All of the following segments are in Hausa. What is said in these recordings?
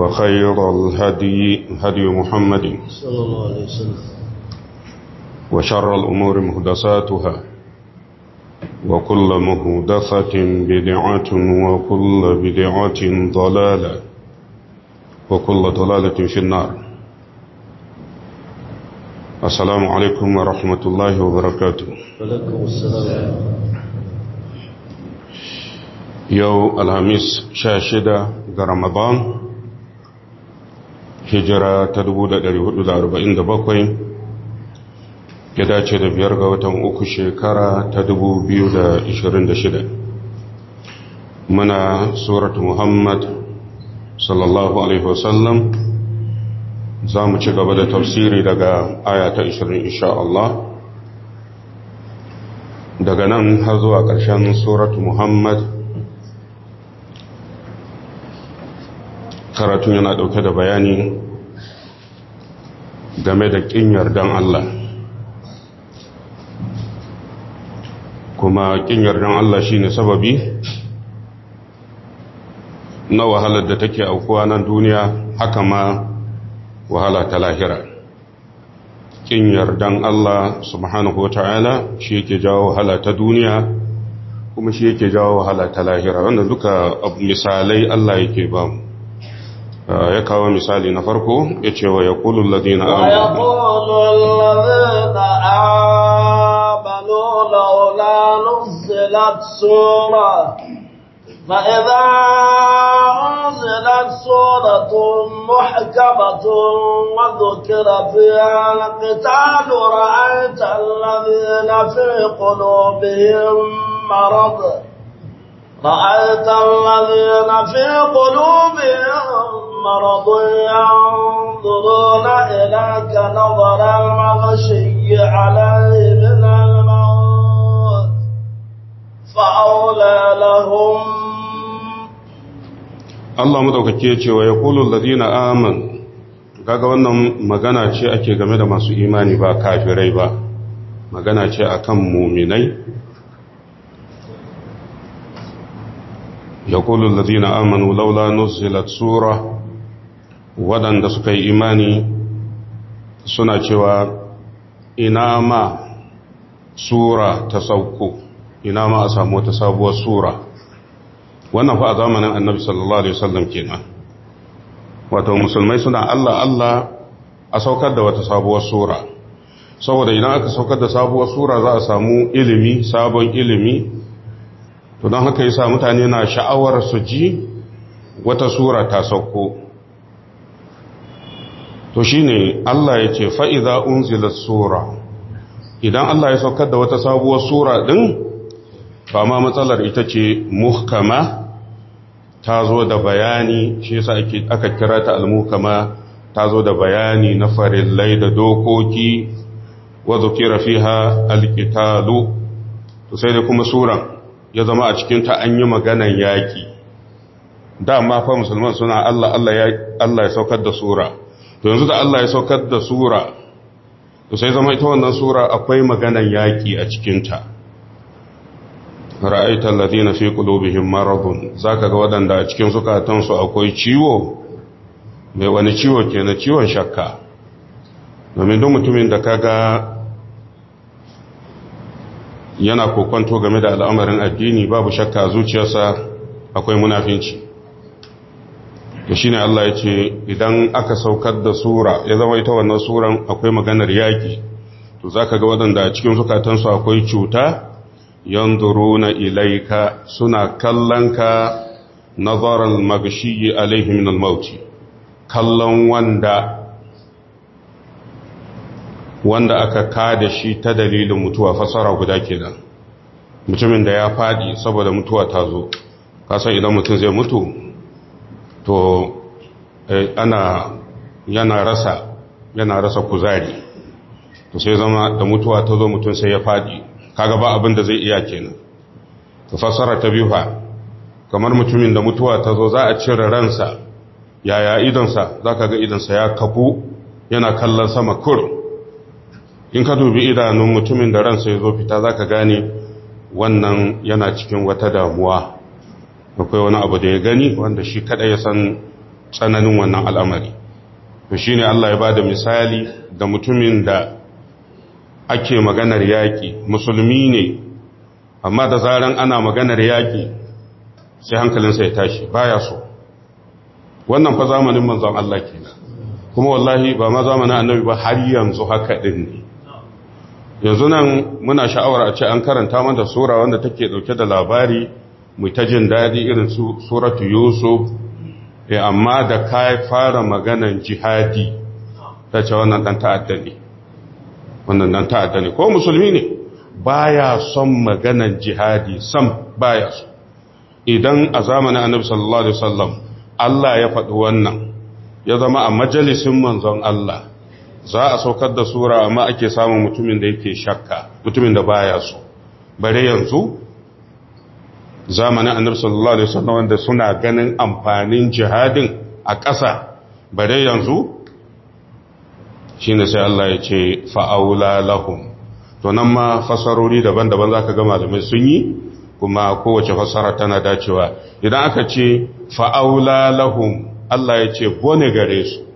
وخير الهدي هدي محمد صلى الله عليه وسلم وشر الأمور مهدساتها وكل مهدسة بدعة وكل بدعة ضلالة وكل ضلالة في النار السلام عليكم ورحمة الله وبركاته وعليكم السلام يوم الخميس شاشدة رمضان hijira ta 1447 ya dace da biyar ga watan uku shekara ta 2026 muna suratu muhammad sallallahu alaihi wasallam za mu ci gaba da tafsiri daga aya ta 20 insha Allah daga nan har zuwa ƙarshen suratu muhammad karatun yana dauke da bayani game da kin yardan Allah kuma kin yardan Allah shine sababi na wahalar da take aukuwa nan duniya haka ma wahala ta lahira kin yardan Allah subhanahu wataala shi yake jawo wahala ta duniya kuma shi yake jawo wahala ta lahira wanda duka misalai Allah yake ba ya kawo misali na farko ya ce wa ya kulu ladina amanu laula فإذا أنزلت سورة محكمة وذكر فيها القتال رأيت الذين في قلوبهم مرض رأيت الذين في قلوبهم مرض ينظرون إليك نظر المغشي عليه من الموت فأولى لهم الله madaukake ya ce wa ya kulun wannan magana ce ake game da masu imani ba kafirai ba magana ce akan muminai ya kulun ladina amanu laula nuzilat surah waɗanda suka yi imani suna cewa ina ma sura ta sauko ina ma a samu wata sabuwar sura wannan fa a zamanin annabi sallallahu alaihi wasallam kenan wato musulmai suna Allah Allah a saukar da wata sabuwar sura saboda idan aka saukar da sabuwar sura za a samu ilimi sabon ilimi to don haka yasa mutane na sha'awar su ji wata sura ta sauko to shine Allah ya ce fa'iza unzila sura idan Allah ya saukar da wata sabuwar sura ɗin ba ma matsalar ita ce muhkama ta zo da bayani shi yasa aka kira ta almuhkama ta zo da bayani na farillai da dokoki wa zukira ha alqitalu to sai da kuma suran ya zama a cikin ta an yi maganan yaki dama fa musulman suna Allah Allah ya Allah ya saukar da sura to yanzu da Allah ya saukar da sura to sai zama ita wannan sura akwai maganar yaƙi a cikinta ra'aita alladhina fi qulubihim maradun zaka ga wadanda a cikin zukatansu akwai ciwo mai wani ciwo ke na ciwon shakka domin duk mutumin da kaga yana kokonto game da al'amarin addini babu shakka zuciyarsa akwai munafinci shi ne Allah ya ce idan aka saukar da sura ya zama ita wannan suran akwai maganar yaƙi to zaka ga waɗanda cikin zukatansu akwai cuta na ilaika suna kallonka nazaral maghshi alaihim min al mauti kallon wanda wanda aka kada shi ta dalilin mutuwa fasara guda kenan mutumin da ya faɗi saboda mutuwa ta zo kasan idan mutum zai mutu to eh, ana yana rasa yana rasa kuzari to sai zama da mutuwa ta zo mutum sai ya fadi kaga ba abin da zai iya kenan to fasara ta biyu fa kamar mutumin da mutuwa ta zo za a cire ransa yaya sa za ka ga sa ya kafu yana kallon sama kur in ka dubi idanun mutumin da ransa ya zo fita za ka gane wannan yana cikin wata damuwa akwai wani abu da ya gani wanda shi kada ya san tsananin wannan al'amari to shine Allah ya bada misali da mutumin da ake maganar yaƙi musulmi ne amma da zaran ana maganar yaki sai hankalinsa ya tashi baya so wannan fa zamanin manzon Allah kenan kuma wallahi ba ma zamanin annabi ba har yanzu haka din ne yanzu nan muna sha'awar a ce an karanta mata sura wanda take dauke da labari mutajin ta jin daɗi irin suratu yusuf eh, amma da ka fara maganan jihadi ta ce wannan dan ta'adda ne wannan dan ta'adda ne ko musulmi ne baya son maganan jihadi sam baya so idan a zamanin annabi sallallahu alaihi wasallam Allah ya faɗi wannan ya zama a majalisin manzon Allah za a saukar da sura amma ake samun mutumin da yake shakka mutumin da baya so bare yanzu zamanin annabi sallallahu alaihi wasallam wanda suna ganin amfanin jihadin a ƙasa bare yanzu shine sai Allah ya ce fa'aula lahum to nan ma fasarori daban-daban zaka ga malamai sun yi kuma kowace fasara tana dacewa idan aka ce fa'aula lahum Allah ya ce gone gare su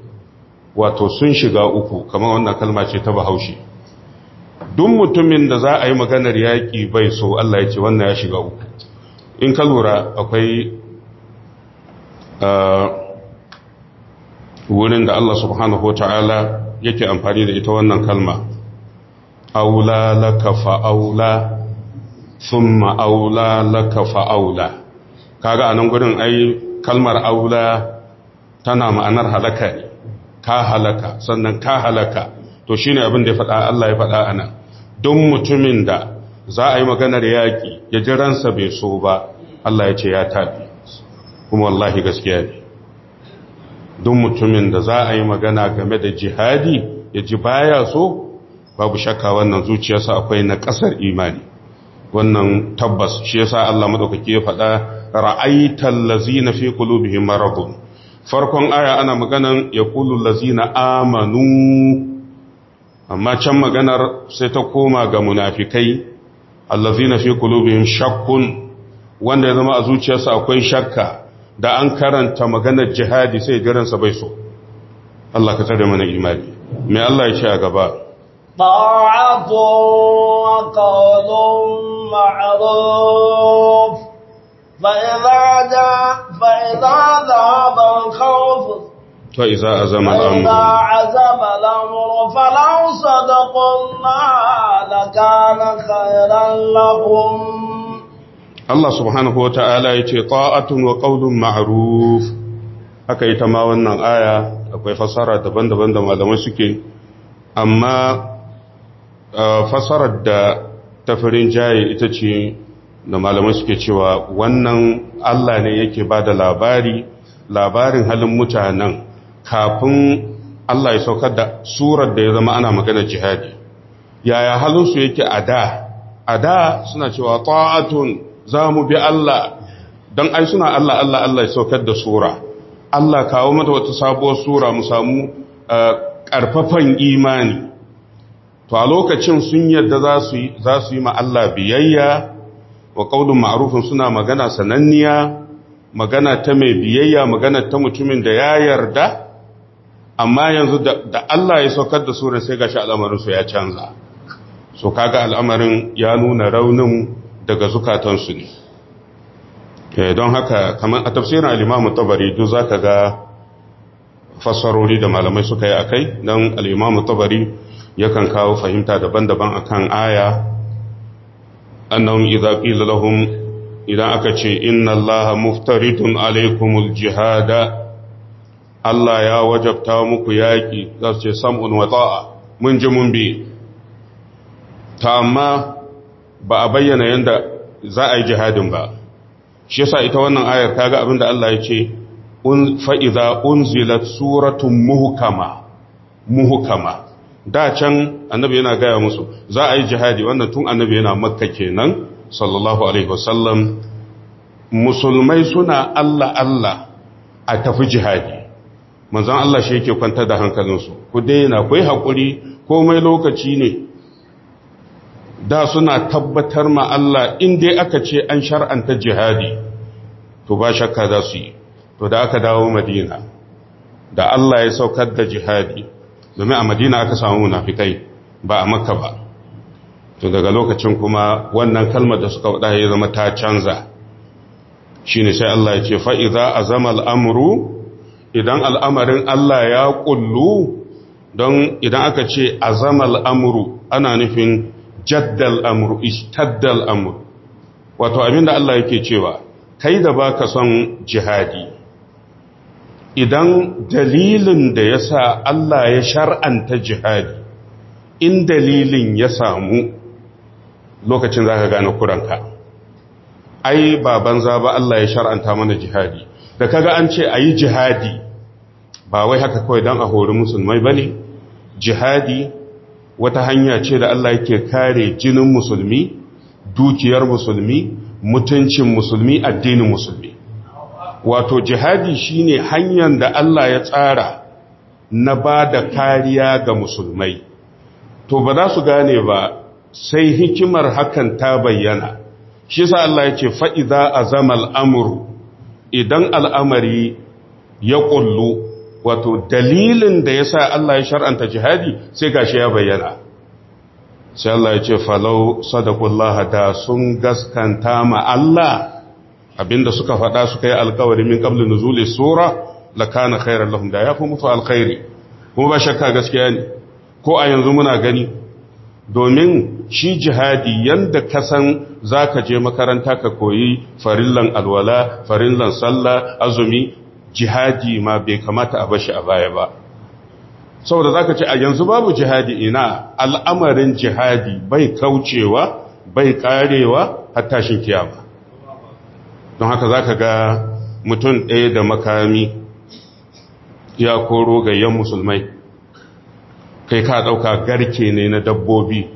wato sun shiga uku kamar wannan kalma ce ta bahaushe duk mutumin da za a yi maganar yaƙi bai so Allah ya ce wannan ya shiga uku in ka lura akwai uh, wurin da Allah subhanahu wa ta'ala yake amfani da ita wannan kalma aula laka fa'aula thumma aula laka fa'aula kaga anan gurin ai kalmar aula tana ma'anar halaka ne ka halaka sannan ka halaka to shine abin da ya faɗa Allah ya faɗa anan don mutumin da za a yi maganar yaƙi ya ji ransa bai so ba Allah ya ce ya tafi kuma wallahi gaskiya ne duk mutumin da za a yi magana game da jihadi ya ji baya so babu shakka wannan zuciyarsa akwai na ƙasar imani wannan tabbas shi yasa Allah madaukake ya faɗa ra'aital lazina fi qulubihim maradun farkon aya ana maganan yaqulul lazina amanu amma can maganar sai ta koma ga munafikai allazina fi qulubihim shakkun wanda ya zama a zuciyarsa akwai shakka da an karanta maganar jihadi sai jiransa bai so Allah ka tare mana imani me Allah ya ce a gaba ta'atun wa qawlun ma'ruf fa idza fa idza dhaba azama فإذا عزم الأمر فإذا عزم الأمر فلو صدقوا الله لكان خيرا لهم الله سبحانه وتعالى يتي طاعة وقول معروف haka ita ma wannan aya akwai fasara daban-daban da malamai suke amma fasarar da tafirin jaye ita ce da malamai suke cewa wannan Allah ne yake ba da labari labarin halin mutanen kafin Allah ya saukar da surar da ya zama ana magana jihadi yaya halinsu yake a da a da suna cewa ta'atun za mu bi Allah don ai suna Allah Allah Allah ya saukar da sura Allah kawo mata wata sabuwar sura mu samu eh, ƙarfafan imani to a lokacin sun yadda za su yi ma Allah biyayya wa ƙaunin ma'arufin suna magana sananniya magana ta mai biyayya magana ta mutumin da ya yarda amma yanzu da Allah ya saukar da surar sai gashi al'amarin su ya canza so kaga al'amarin ya nuna raunin daga zukatan su ne eh, don haka kamar a tafsirin al-Imam Tabari duk zaka ga fassarori da malamai suka yi akai dan al-Imam Tabari yakan kawo fahimta daban-daban akan aya annahum idza qila lahum idan aka ce inna allaha muftaridun alaykumul jihada Allah ya wajabta muku yaƙi za su ce sam'un wata'a mun ji mun bi ta amma ba a bayyana yadda za a yi jihadin ba shi yasa ita wannan ayar ta ga abinda Allah ya ce fa'iza unzilat suratun muhukama muhukama da can annabi yana gaya musu za a yi jihadi wannan tun annabi yana makka kenan sallallahu alaihi wasallam musulmai suna Allah Allah a tafi jihadi manzon Allah shi yake kwanta da hankalinsu ku daina kai hakuri komai lokaci ne da suna tabbatar ma Allah in dai aka ce an shar'anta jihadi to ba shakka za su yi to da aka dawo Madina da Allah ya saukar da jihadi domin a Madina aka samu munafikai ba a Makka ba to daga lokacin kuma wannan kalmar da suka wada ya zama ta canza shine sai Allah ya ce fa idza azama al-amru idan al'amarin Allah ya ƙullu don idan aka ce azamal al’amuru ana nufin jaddal amru istaddal amuru. wato abinda Allah yake cewa kai da baka son jihadi idan dalilin da ya sa Allah ya shar'anta jihadi in dalilin ya samu lokacin za ka gane kuranka ai ba banza ba Allah ya shar'anta mana jihadi da kaga an ce a yi jihadi ba wai haka kawai don a hori musulmai ba ne jihadi wata hanya ce da Allah yake kare jinin musulmi dukiyar musulmi mutuncin musulmi addinin musulmi wato jihadi shi ne hanyar da Allah ya tsara na ba da kariya ga musulmai to ba za su gane ba sai hikimar hakan ta bayyana shi sa Allah yake fa'iza zama al'amuru idan al'amari ya ƙullu wato dalilin da ya sa Allah ya shar'anta jihadi sai gashi ya bayyana sai Allah ya ce falau sadakullaha da sun gaskanta ma Allah abinda suka faɗa suka yi alkawari min qablin nuzuli sura lakana khairan lahum da yafi mutu alkhairi kuma ba shakka gaskiya ne ko a yanzu muna gani domin shi jihadi yanda ka san za ka je makaranta ka koyi farillan alwala farillan sallah azumi jihadi ma bai kamata a bashi a baya ba saboda zaka ce a yanzu babu jihadi ina al'amarin jihadi bai kaucewa bai karewa har tashin kiyama don haka zaka ga mutum ɗaya da makami ya koro ga gayyan musulmai kai ka ɗauka garke ne na dabbobi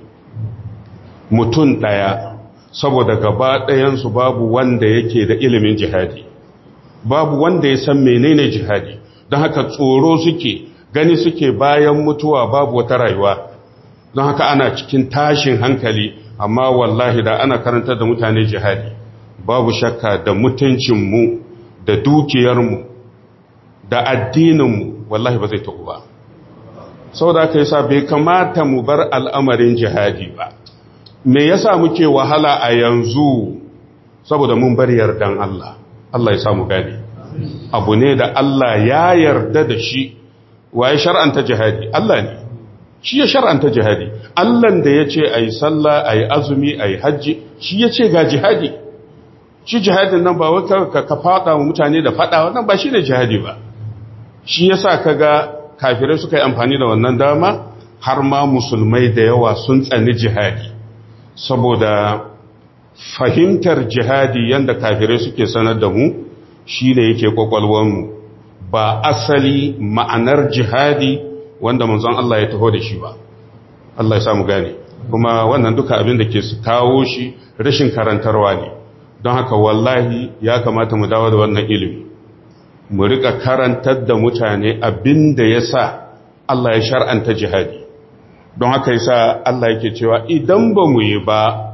mutum ɗaya saboda gaba ɗayan su babu wanda yake da ilimin jihadi babu wanda ya san menene jihadi don haka tsoro suke gani suke bayan mutuwa babu wata rayuwa don haka ana cikin tashin hankali amma wallahi da ana karanta da mutane jihadi babu shakka da mutuncinmu da dukiyarmu da addininmu wallahi ba zai taɓu ba sau da aka yi sa bai kamata mu bar al'amarin jihadi ba me sa muke wahala a yanzu saboda mun bar yardan Allah Allah ya samu gani abu ne da Allah ya yarda da shi waye shar'anta jihadi Allah ne shi ya shar'anta jihadi Allah da ya ce ayi sallah ayi azumi ayi hajji shi ya ce ga jihadi shi jihadin nan ba wata ka ka fada wa mutane da fada wannan ba shine jihadi ba shi yasa ga kafirai suka yi amfani da wannan dama har ma musulmai da yawa sun tsani jihadi saboda fahimtar jihadi yadda kafirai suke sanar da mu shi shine yake mu ba asali ma'anar jihadi wanda manzon Allah ya taho da shi ba Allah ya samu gane kuma wannan duka abin da ke kawo shi rashin karantarwa ne don haka wallahi ya kamata mu dawo da wannan ilimi mu rika karantar da mutane abin da ya sa Allah ya shar'anta jihadi don haka yasa Allah yake cewa idan ba mu yi ba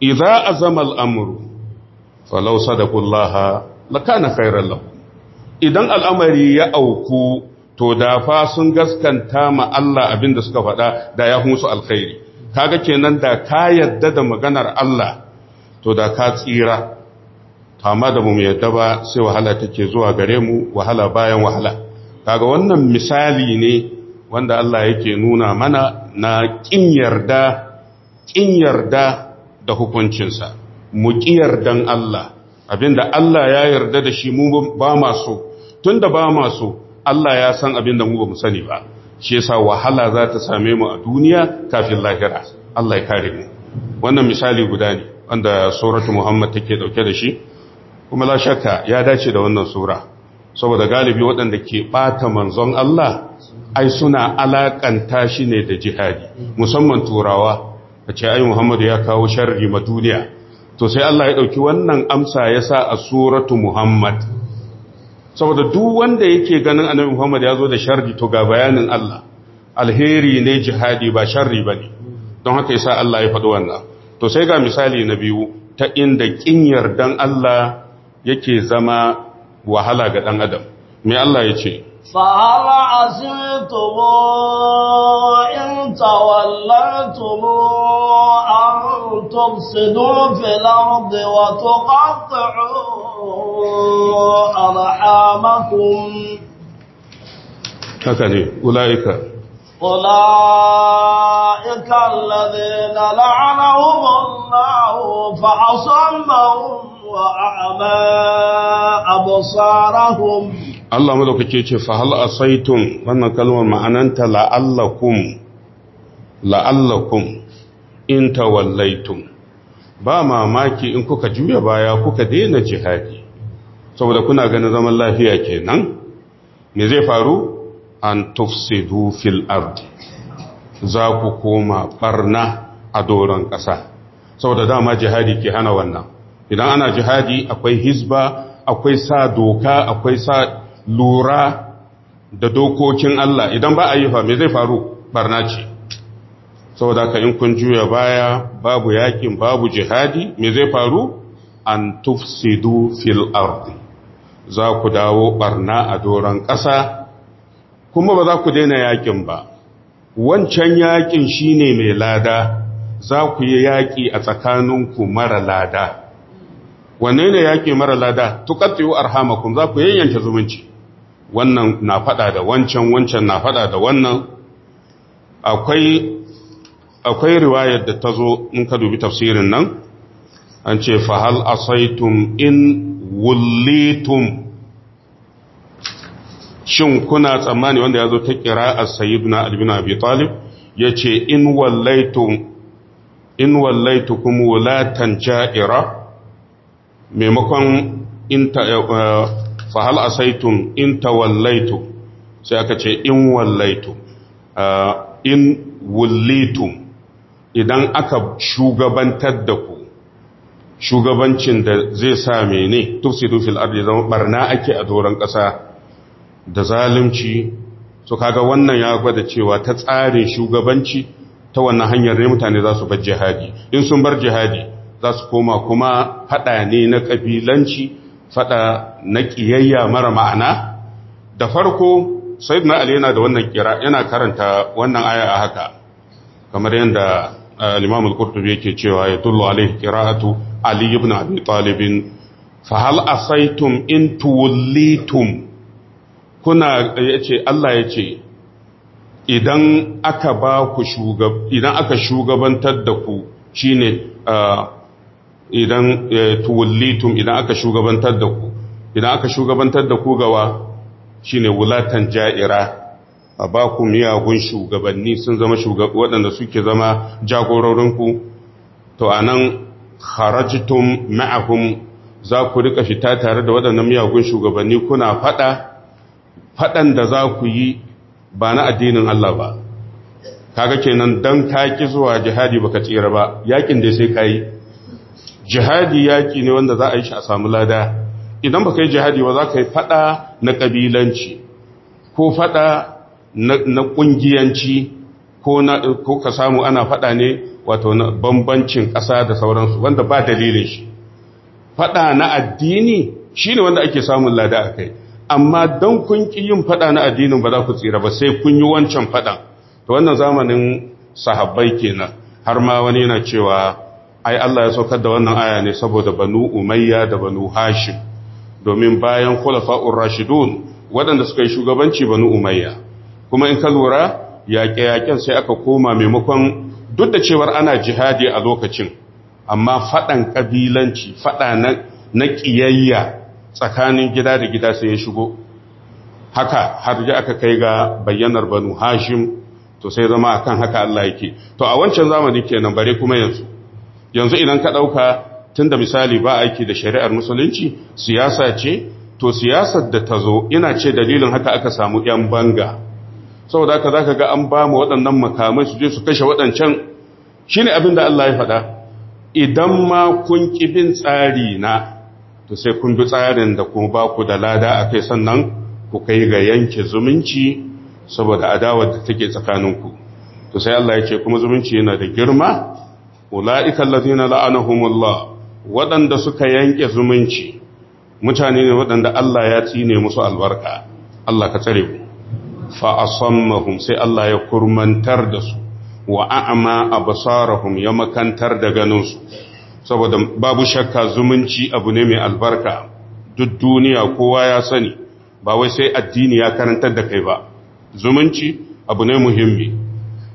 idza azama da falau na kana khairan lahu idan al'amari ya auku to da fa sun gaskanta ma Allah abinda suka faɗa da ya hunsu alkhairi kaga kenan da ka yadda da maganar Allah to da ka tsira amma da mu yadda ba sai wahala take zuwa gare mu wahala bayan wahala kaga wannan misali ne wanda Allah yake nuna mana na kin yarda kin yarda da hukuncinsa mu ƙiyar dan Allah abinda Allah ya yarda da shi mu ba ma so tunda ba ma Allah ya san abinda mu ba mu sani ba shi yasa wahala za ta same mu a duniya kafin lahira Allah ya kare mu wannan misali guda ne wanda suratu Muhammad take dauke da shi kuma la shakka ya dace da wannan sura saboda galibi waɗanda ke bata manzon Allah ai suna alakanta shi ne da jihadi musamman turawa a ce ai Muhammadu ya kawo sharri ma duniya to sai Allah ya dauki wannan amsa ya sa a suratu Muhammad saboda duk wanda yake ganin annabi Muhammad ya zo da sharri to ga bayanin Allah alheri ne jihadi ba sharri bane don haka yasa Allah ya faɗi wannan to sai ga misali na biyu ta inda kin dan Allah yake zama wahala ga dan adam me Allah ya ce فهل عسيتم إن توليتم أن تفسدوا في الأرض وتقطعوا أرحامكم هكذا أولئك أولئك الذين لعنهم الله فأصمهم وأعمى أبصارهم Allah madaukake ce fa hal asaitum wannan kalmar ma'ananta la'allakum la'allakum in tawallaitum ba mamaki in kuka juya baya kuka daina jihadi saboda kuna ganin zaman lafiya kenan me zai faru an tufsidu fil ard za ku koma barna a doron ƙasa saboda dama jihadi ke hana wannan idan ana jihadi akwai hizba akwai sa doka akwai sa lura da dokokin Allah idan ba a yi fa me zai faru barna ce saboda ka in kun juya baya babu yakin babu jihadi me zai faru an tufsidu fil ardi za ku dawo barna a doron ƙasa kuma ba za ku daina yakin ba wancan yakin shine mai lada za ku yi yaƙi a tsakaninku mara lada wanne ne yaƙi mara lada tukattu arhamakum za ku yayyanke zumunci wannan na fada da wancan wancan na fada da wannan akwai akwai riwayar da ta zo in ka dubi tafsirin nan an ce fahal asaitum in wullitum shin kuna tsammani wanda ya zo ta kira a sayiduna albina abi talib ya ce in wallaitu kuma wulatan ja'ira maimakon eh, fa hal saitun in tawallaitu sai aka ce in wallaitu ah, in wullitum idan aka shugabantar da ku shugabancin da zai sa mene tufsidu fil ardi zama barna ake a doron ƙasa da zalunci so kaga wannan ya gwada cewa ta tsarin shugabanci ta wannan hanyar ne mutane za su bar jihadi in sun bar jihadi za su koma kuma haɗa ne na ƙabilanci. fada na ƙiyayya mara ma'ana da farko sai ali yana da wannan kira yana karanta wannan aya a haka kamar yadda al-imam eh, yake cewa ya tullu alaihi ali ibn abi talibin fa hal asaitum in tuwallitum kuna yace Allah yace idan aka ba ku idan aka shugabantar da ku shi shine eh, idan eh, tuwallitum idan aka shugabantar da ku idan aka shugabantar da ku gawa shine wulatan ja'ira a ba ku miyagun shugabanni sun zama waɗanda suke zama jagororinku to anan kharajtum ma'ahum za ku rika fita tare da waɗannan miyagun shugabanni kuna faɗa faɗan da za ku yi ba na addinin Allah ba kaga kenan dan ki zuwa jihadi baka tsira ba yakin da sai kai jihadi yaki ne wanda za a yi shi a samu lada idan ka yi jihadi ba za ka yi fada na kabilanci ko fada na kungiyanci ko ka samu ana fada ne wato na bambancin ƙasa da sauransu wanda ba dalilin shi fada na addini shi ne wanda ake samun lada a kai amma don kun ƙi yin fada na addinin ba za ku tsira ba sai kun yi wancan fada ta wannan zamanin sahabbai kenan har ma wani yana cewa ai Allah ya saukar da wannan aya ne saboda banu umayya da banu hashim domin bayan khulafa'ur rashidun waɗanda suka yi shugabanci banu umayya kuma in ka lura yaƙe-yaƙen sai aka koma maimakon duk da cewar ana jihadi a lokacin amma faɗan kabilanci faɗa na ƙiyayya tsakanin gida da gida sai ya shigo haka har ji aka kai ga bayyanar banu hashim to sai zama akan haka Allah yake to a wancan zamanin kenan bare kuma yanzu yanzu idan ka ɗauka tun da misali ba aiki da shari'ar musulunci siyasa ce to siyasar da ta zo ina ce dalilin haka aka samu 'yan banga saboda haka za ka ga an ba mu waɗannan makamai su je su kashe waɗancan shi ne abin da Allah ya faɗa idan ma kun ƙibin tsari na to sai kun bi tsarin da kuma ba ku da lada a kai sannan ku kai ga yanke zumunci saboda adawar da take tsakaninku to sai Allah ya ce kuma zumunci yana da girma ula'ika allazina la'anahumullah waɗanda suka yanke zumunci mutane ne waɗanda Allah ya tsine musu albarka Allah ka tsare ku fa sai Allah ya kurmantar da su wa a'ma absarahum ya makantar da ganinsu saboda babu shakka zumunci abu ne mai albarka duk duniya kowa ya sani ba wai sai addini ya karantar da kai ba zumunci abu ne muhimmi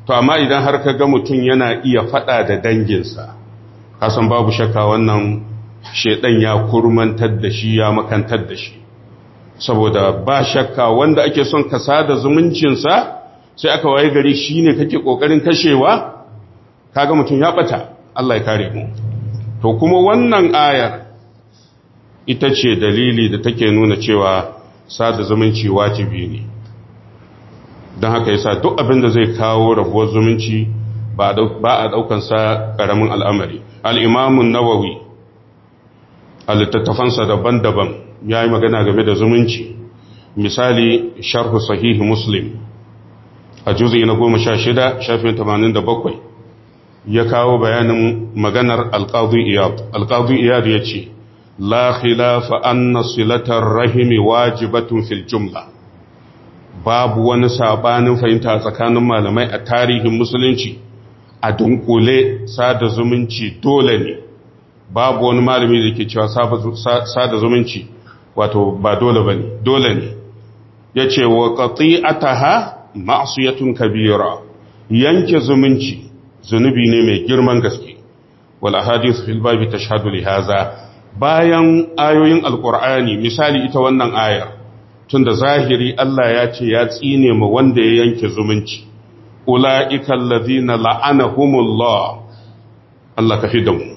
to amma idan har ka ga mutum yana iya faɗa da danginsa kasan babu shakka wannan shedan ya kurmantar da shi ya makantar da shi saboda ba shakka wanda ake son ka sada zumuncinsa sai aka waye gari shi ne kake ƙoƙarin kashewa kaga mutum ya ɓata Allah ya kare mu to kuma wannan ayar ita ce dalili da take nuna cewa sada zumunci wajibi ne don haka yasa duk abin da zai kawo rabuwar zumunci ba a ɗaukansa ƙaramin al'amari al'imamun nawawi a littattafansa daban-daban ya yi magana game da zumunci misali sharhu sahihi muslim a juzi na goma sha shida shafin tamanin da bakwai ya kawo bayanin maganar alƙadu iyad ya ce la khilafa anna silatar rahimi wajibatun fil jumla babu wani sabanin fahimta tsakanin malamai a tarihin musulunci a dunkule sada zumunci dole ne babu wani malami da ke cewa sada zumunci wato ba dole ba ne dole ne ya ce wa masu yatun kabira yanke zumunci zunubi ne mai girman gaske Wala ahadith fil ta shaɗu lihaza. bayan ayoyin Alƙur'ani misali ita wannan ayar tunda zahiri Allah ya ce ya tsine ma wanda ya yanke zumunci ula'ika allazina la'anahumullah Allah ka da mu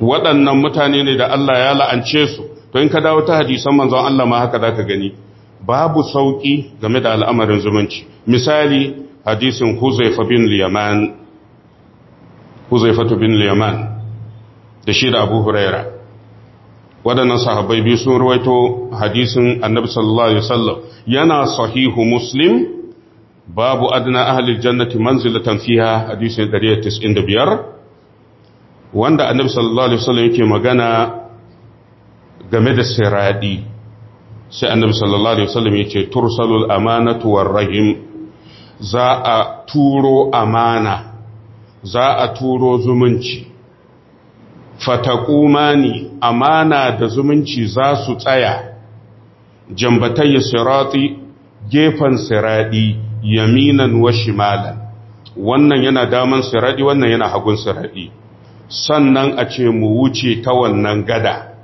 waɗannan mutane ne da Allah ya la'ance su to in ka dawo ta hadisan manzon Allah ma haka zaka gani babu sauƙi game da al'amarin zumunci misali hadisin Huzaifa bin Yaman Huzaifa bin Yaman da shi da Abu Huraira. waɗannan sahabbai biyu sun ruwaito hadisin annabi sallallahu alaihi wasallam yana sahihu muslim babu adna ahli jannati manzilatan fiha hadisin 195 wanda annabi sallallahu alaihi wasallam yake magana game da siradi sai annabi sallallahu alaihi wasallam yace tursalul amanatu war za a turo amana za a turo zumunci Fataƙumani amana da zumunci za su tsaya jambatayya sirati gefen siradi yaminan wa shimalan wannan yana daman siradi wannan yana hagun siradi sannan a ce mu wuce ta wannan gada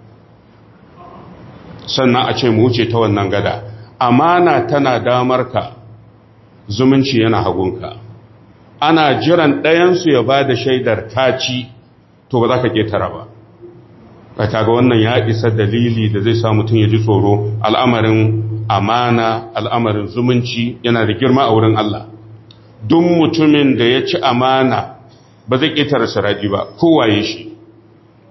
sannan a ce mu wuce ta wannan gada amana tana damar ka. zumunci yana hagunka ana jiran ɗayansu ya ba da shaidar taci to ba za ka ƙetara ba ta ga wannan ya isa dalili da zai sa mutum ya ji tsoro al'amarin amana al'amarin zumunci yana da girma a wurin Allah don mutumin da ya ci amana ba zai ƙetara siraji ba kowaye shi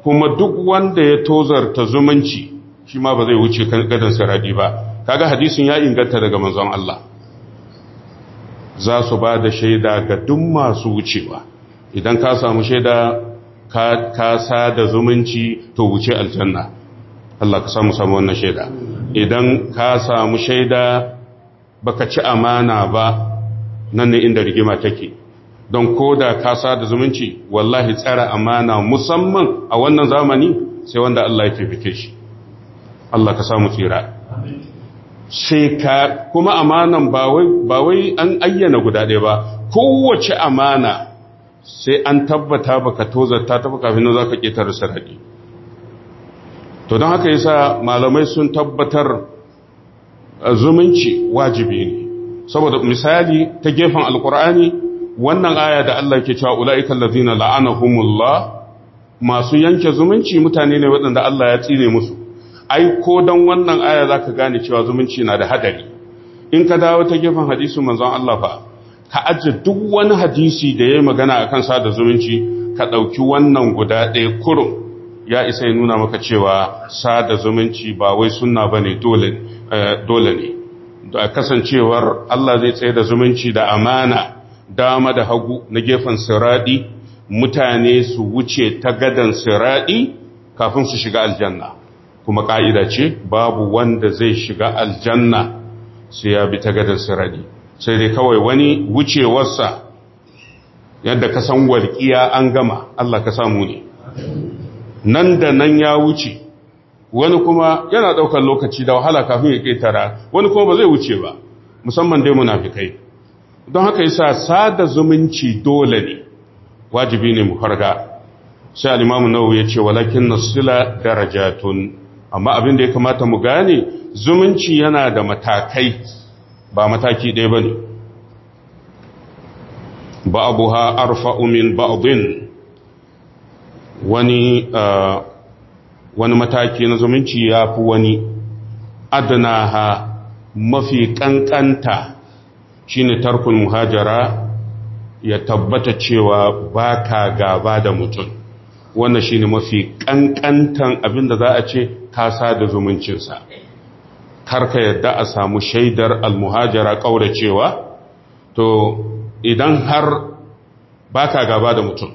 kuma duk wanda ya tozarta zumunci shi ma ba zai wuce gadon siraji ba kaga hadisin ya inganta daga manzon Allah za su ba da shaida ga duk masu wucewa idan ka samu shaida ka da zumunci to wuce aljanna Allah ka samu samu wannan shaida idan ka samu shaida baka ci amana ba nan ne inda rigima take don koda ka da zumunci wallahi tsara amana musamman a wannan zamani sai wanda Allah yake fike shi Allah ka samu tsira sai ka kuma amanan ba wai an ayyana guda ɗaya ba kowace amana sai an tabbata baka tozarta ta kafin nan zaka ketare sarhadi to don haka yasa malamai sun tabbatar zumunci wajibi ne saboda misali ta gefen alkur'ani wannan aya da Allah ke cewa ulaiikal la'ana la'anahumullah masu yanke zumunci mutane ne waɗanda Allah ya tsine musu ai ko dan wannan aya zaka gane cewa zumunci na da haɗari. in ka dawo ta gefen hadisi manzon Allah fa ka ajiye duk wani hadisi da ya yi magana a kan sada zumunci ka ɗauki wannan guda ɗaya kurum ya isa ya nuna maka cewa sada zumunci ba wai suna ba ne eh, dole ne da kasancewar Allah zai tsaye da zumunci da amana dama da hagu na gefen siradi mutane su wuce ta gadon siradi kafin su shiga aljanna kuma ƙa'ida ce babu wanda zai shiga aljanna su ya bi ta gadon siradi sai dai kawai wani wucewarsa yadda ka san walƙiya an gama Allah ka samu ne nan da nan ya wuce wani kuma yana ɗaukar lokaci da wahala kafin ya ƙetara wani kuma ba zai wuce ba musamman dai munafikai don haka yasa sada zumunci dole ne wajibi ne mu farga sai al-imamu nawu ya ce walakin nasila darajatun amma abin da ya kamata mu gane zumunci yana da matakai ba mataki ɗaya ba ne ba abu ha arfa umin ba wani uh, wani mataki na zumunci ya fi wani adana ha mafi ƙanƙanta shi ne tarkun muhajara ya tabbata cewa ba ka gaba da mutum wannan shi ne mafi ƙanƙantan abinda za a ce kasa da zumuncinsa ka yadda a samu shaidar almuhajara cewa to idan har baka gaba da mutum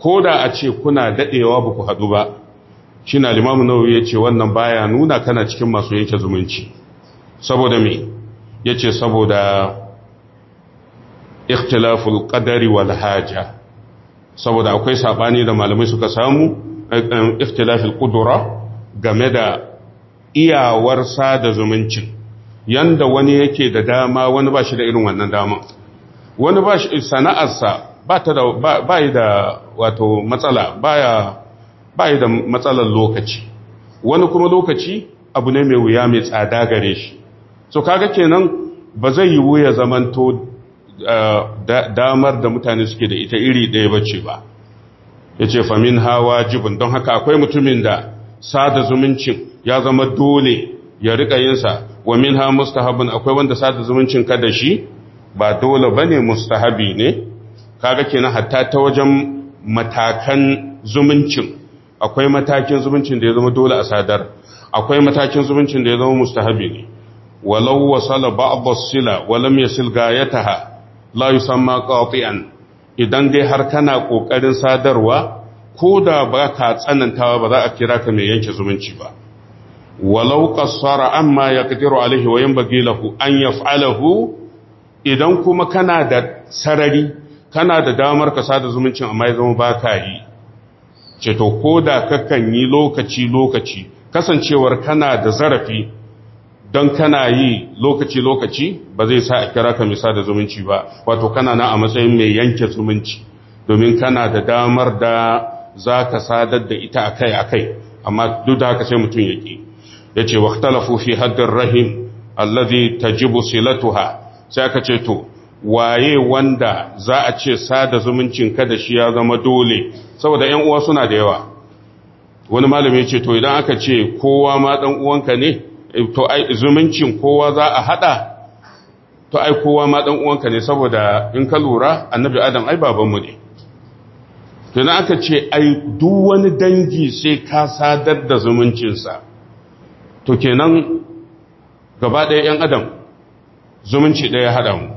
ko da a ce kuna daɗewa ba ku haɗu ba shi na limamu nauyi ya ce wannan baya nuna kana cikin masu yanke zumunci saboda me ya ce saboda ikhtilaful qadari wal haja saboda akwai saɓani da malamai suka samu eh, eh, ikhtilafin ƙudura game da iyawar sada zumuncin yanda wani yake da dama wani ba shi da irin wannan dama wani ba shi sana'arsa ba ta da ba yi da wato matsala ba yi da matsalar lokaci wani kuma lokaci abu ne mai wuya mai tsada gare shi so kaga kenan ba zai yi wuya zamanto eh, damar da mutane suke da ita iri ɗaya bace ba ya ce famin hawa jibin don haka akwai mutumin da sada zumuncin ya zama dole ya rika yinsa wa min ha mustahabin akwai wanda sada zumuncin ka da shi ba dole ba ne mustahabi ne kaga kenan hatta ta wajen matakan zumuncin akwai matakin zumuncin da ya zama dole a sadar akwai matakin zumuncin da ya zama mustahabi ne walau wasala ba'd sila wa lam yasil gayataha la yusamma qati'an idan dai har kana kokarin sadarwa ko da ba ka tsanantawa ba za a kira ka mai yanke zumunci ba walau qassara amma yaqdiru alihi wa yanbaghi lahu an alahu idan kuma kana da sarari kana da damar ka sada zumuncin amma ya zama baka yi ce to da kakan yi lokaci lokaci kasancewar kana da zarafi don kana yi lokaci lokaci ba zai sa a kira ka misa da zumunci ba wato kana na a matsayin mai yanke zumunci domin kana da damar da za ka sadar da ita akai akai amma duk da haka sai mutum ya ƙi Ya yace waqtalafu fi haddin rahim allazi tajibu silatuha sai aka ce to waye wanda za a ce sada zumuncin ka da shi ya zama dole saboda ƴan uwa suna da yawa wani malami ce to idan aka ce kowa ma dan uwanka ne eh, to ai zumuncin kowa za a hada to ai kowa ma dan uwanka ne saboda in ka lura annabi adam ai baban mu ne to idan aka ce ai duk wani dangi sai ka sadar da zumuncinsa to kenan gaba ɗaya 'yan adam zumunci ɗaya haɗa mu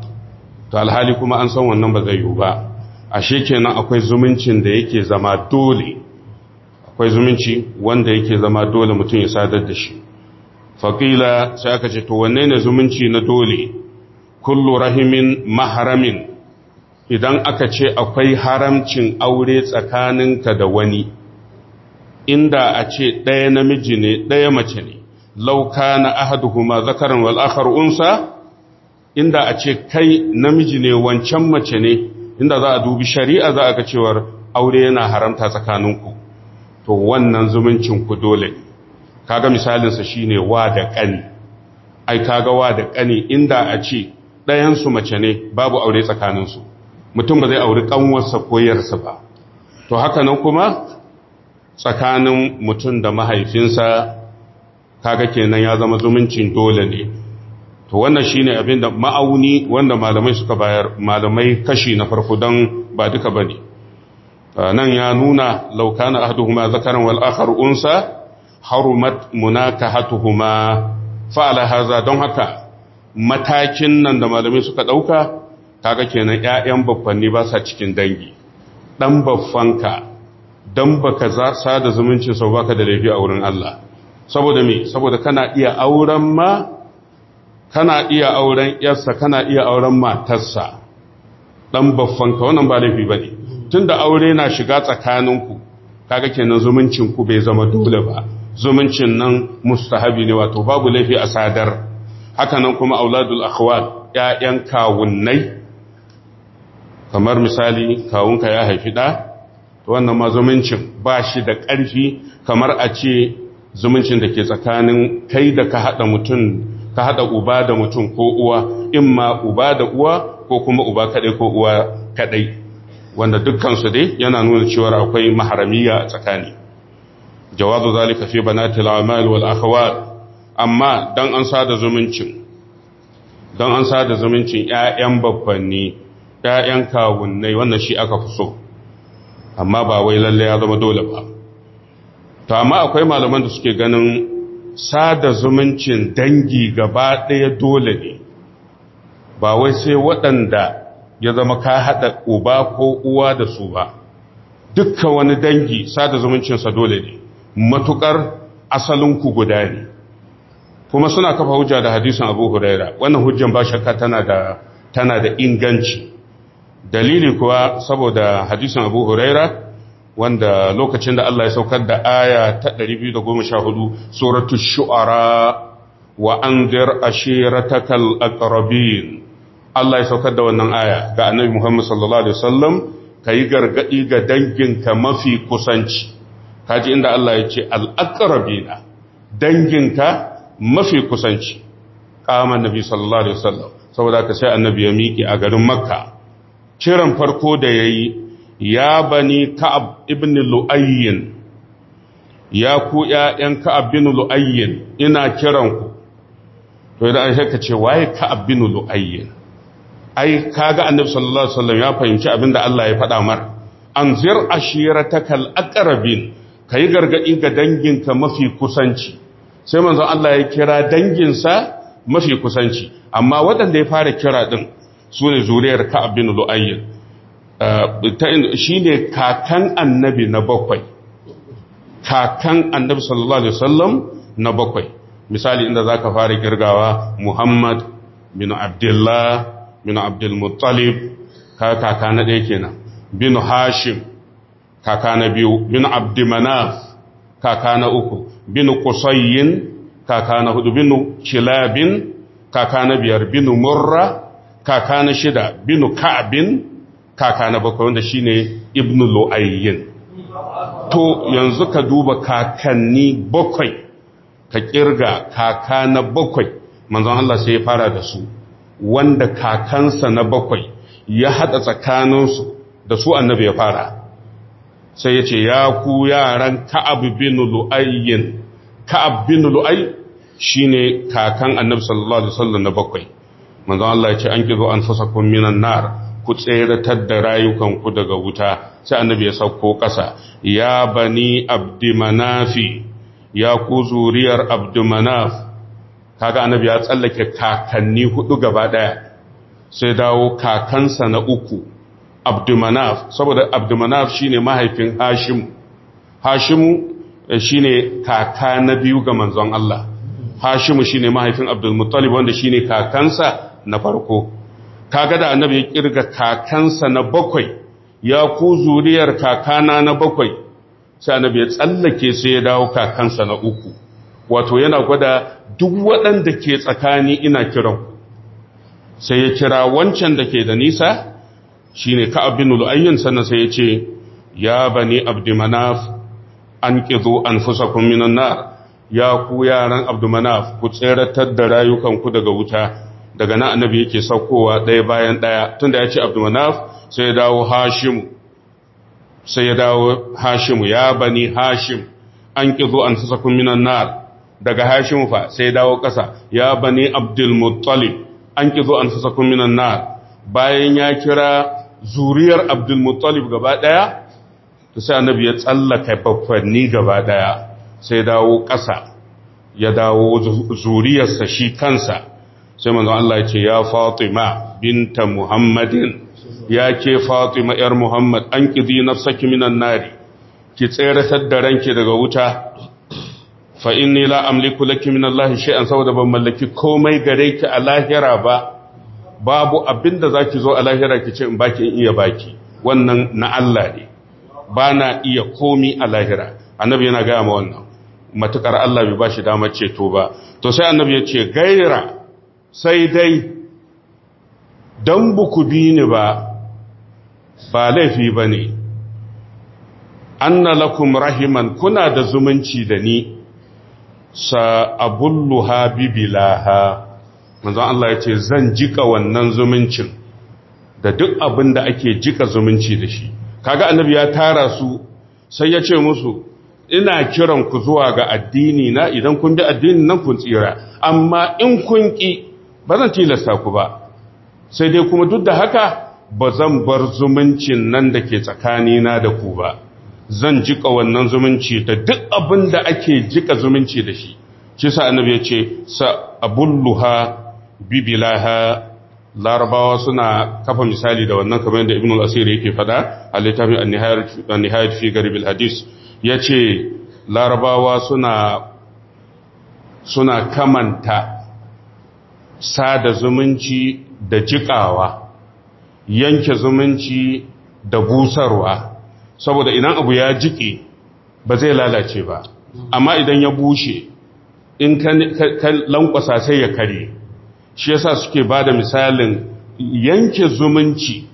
to alhali kuma an san wannan ba zai yiwu ba ashe kenan akwai zumuncin da yake zama dole akwai zumunci wanda yake zama dole mutum ya sadar da shi faƙila sai aka ce to wanne ne zumunci na dole kullu rahimin maharamin idan aka ce akwai haramcin aure tsakaninka da wani inda a ce ɗaya namiji ne ɗaya mace ne law kana ahaduhuma dhakaran wal akhar unsa inda a ce kai namiji ne wancan mace ne inda za a dubi shari'a za a ga cewar aure yana haramta tsakaninku to wannan zumuncin ku dole kaga misalin sa shine wa da kani ai kaga wa da kani inda a ce ɗayan su mace ne babu aure tsakanin su mutum ba zai auri kanwarsa ko yarsa ba to haka nan kuma tsakanin mutum da mahaifinsa kaga kenan ya zama zumuncin dole ne to wannan shine abin da ma'auni wanda malamai suka bayar malamai kashi na farko don ba duka bane nan ya nuna laukana ahduhuma zakaran wal akhar unsa harumat munakahatuhuma fa ala hadha don haka matakin nan da malamai suka dauka kaga kenan ƴaƴan babbanni ba sa cikin dangi dan ka dan baka da zumuncin sau baka da laifi a wurin Allah saboda me saboda kana iya auren ma kana iya auren yarsa kana iya auren matarsa dan baffanka wannan ba laifi bane tunda aure na shiga tsakaninku kaga kenan zumuncin ku bai zama dole ba zumuncin nan mustahabi ne wato babu laifi a sadar hakanan kuma auladul akhwat ƴaƴan kawunnai kamar misali kawunka ya haifi da wannan ma zumuncin ba shi da ƙarfi kamar a ce zumuncin da ke tsakanin kai da ka haɗa mutum ka haɗa uba da mutum ko uwa in ma uba da uwa ko kuma uba kaɗai ko uwa kaɗai wanda dukkansu dai yana nuna cewa akwai maharamiya a tsakani jawazu zalika fi banatil amal wal akhawat amma dan an sada zumuncin dan an sada zumuncin ƴaƴan babbanni ƴaƴan kawunnai wannan shi aka fi so amma ba wai lalle ya zama dole ba to amma akwai malaman da suke ganin sada zumuncin dangi gaba ɗaya dole ne ba wai sai waɗanda ya zama ka haɗa uba ko uwa da su ba dukka wani dangi sada zumuncinsa dole ne matuƙar asalinku guda ne kuma suna kafa hujja da hadisin abu huraira wannan hujjan ba shakka tana da tana da inganci dalili kuwa saboda hadisin abu huraira wanda lokacin da Allah ya saukar da aya ta 214 suratu shu'ara wa anzir ashiratakal aqrabin Allah ya saukar da wannan aya ga Annabi Muhammad sallallahu alaihi wasallam kai gargadi ga danginka mafi kusanci kaji inda Allah ya ce al aqrabina danginka mafi kusanci kama Annabi sallallahu alaihi wasallam saboda ka sai Annabi ya miki a garin Makka kiran farko da yayi ya bani ka'ab ibn lu'ayyin ya ku ‘ya'yan ka'ab bin lu'ayyin ina kiranku to idan an shaka ce waye ka'ab bin lu'ayyin ai kaga annabi sallallahu alaihi wasallam ya fahimci abinda Allah ya faɗa mar anzir ashiratakal aqrabin kai gargadi ga danginka mafi kusanci sai manzon Allah ya kira danginsa mafi kusanci amma waɗanda ya fara kira ɗin su ne zuriyar ka'ab bin lu'ayyin Eh, shi ne kakan annabi na bakwai kakan annabi sallallahu alaihi wasallam na bakwai misali inda za ka fara girgawa muhammad bin abdullah bin abdulmuttalib kaka na ɗaya kenan bin hashim kaka na biyu bin abdimanaf kaka na uku bin kusayin kaka na hudu bin kilabin kaka na biyar bin murra kaka na shida bin ka'abin kaka na bakwai wanda shi ne ibnu lo'ayyin to yanzu ka duba kakanni bakwai ka kirga kaka na bakwai manzon Allah sai ya fara da su wanda kakansa na bakwai ya hada tsakaninsu da su annabi ya fara sai ya ce ya ku yaran ka'ab bin lu'ayyin ka'ab bin lu'ay shine kakan annabi sallallahu alaihi wasallam na bakwai manzon Allah ya ce an kizo anfusakum minan nar ku tseratar da rayukanku daga wuta sai annabi ya sauko ƙasa ya bani abdimanafi ya ku zuriyar abdumanaf kaga annabi ya tsallake kakanni hudu gaba ɗaya sai dawo kakansa na uku abdumanaf saboda abdumanaf shine mahaifin hashimu hashimu eh, shine kaka na biyu ga manzon Allah hashimu shine mahaifin abdulmuttalib wanda shine kakansa na farko kaga da annabi ya kirga kakansa na bakwai ya ku zuriyar kakana na bakwai sai annabi ya tsallake sai ya dawo kakansa na uku wato yana gwada duk waɗanda ke tsakani ina kiran sai ya kira wancan da ke da nisa shine ka'ab bin lu'ayyin sannan sai ya ce ya bani abdumanaf an an anfusakum minan nar ya ku yaran abdumanaf ku tseratar da rayukanku daga wuta daga nan annabi yake saukowa ɗaya bayan ɗaya tunda ya ce abdulmanaf sai ya dawo hashimu sai ya dawo hashimu ya bani hashim an ƙizo an sasa minan nar daga hashimu fa sai ya dawo ƙasa ya bani abdulmuttalib an ƙizo an sasa minan nar bayan ya kira zuriyar abdulmuttalib gaba ɗaya to sai annabi ya tsallaka baffanni gaba ɗaya sai ya dawo ƙasa ya dawo zuriyarsa shi kansa sai manzo Allah ya ce ya Fatima binta Muhammadin ya ke Fatima yar Muhammad an kizi nafsaki minan nari ki tsere da ranki daga wuta fa inni la amliku laki min Allah shay'an saboda ban mallaki komai gare ki a lahira ba babu abinda zaki zo a lahira ki ce in baki in iya baki wannan na Allah ne ba na iya komi a lahira annabi yana gaya ma wannan matukar Allah bai bashi damar ceto ba to sai annabi ya ce gaira sai dai don buku bi ni ba ba laifi ba ne An na lakum rahiman kuna da zumunci da ni sa bibila ha manzon Allah ya ce zan jika wannan zumuncin da duk abin da ake jika zumunci da shi kaga annabi ya tara su sai ya ce musu ina kiran ku zuwa ga addini na idan kun bi addinin nan kun tsira amma in kun ki ba zan tilasta ku ba sai dai kuma duk da haka ba zan bar zumuncin nan da ke tsakanina da ku ba zan jika wannan zumunci da duk abin da ake jika zumunci da shi shi sa annabi ya ce sa abulluha bibilaha larabawa suna kafa misali da wannan kamar yadda ibn al-asir yake fada a littafin an-nihayat fi garib al-hadis yace larabawa suna kamanta sada zumunci da jiƙawa yanke zumunci da busarwa saboda idan abu ya jiƙe ba zai lalace ba amma idan ya bushe in ka lankwasa sai ya kare shi yasa suke bada misalin yanke zumunci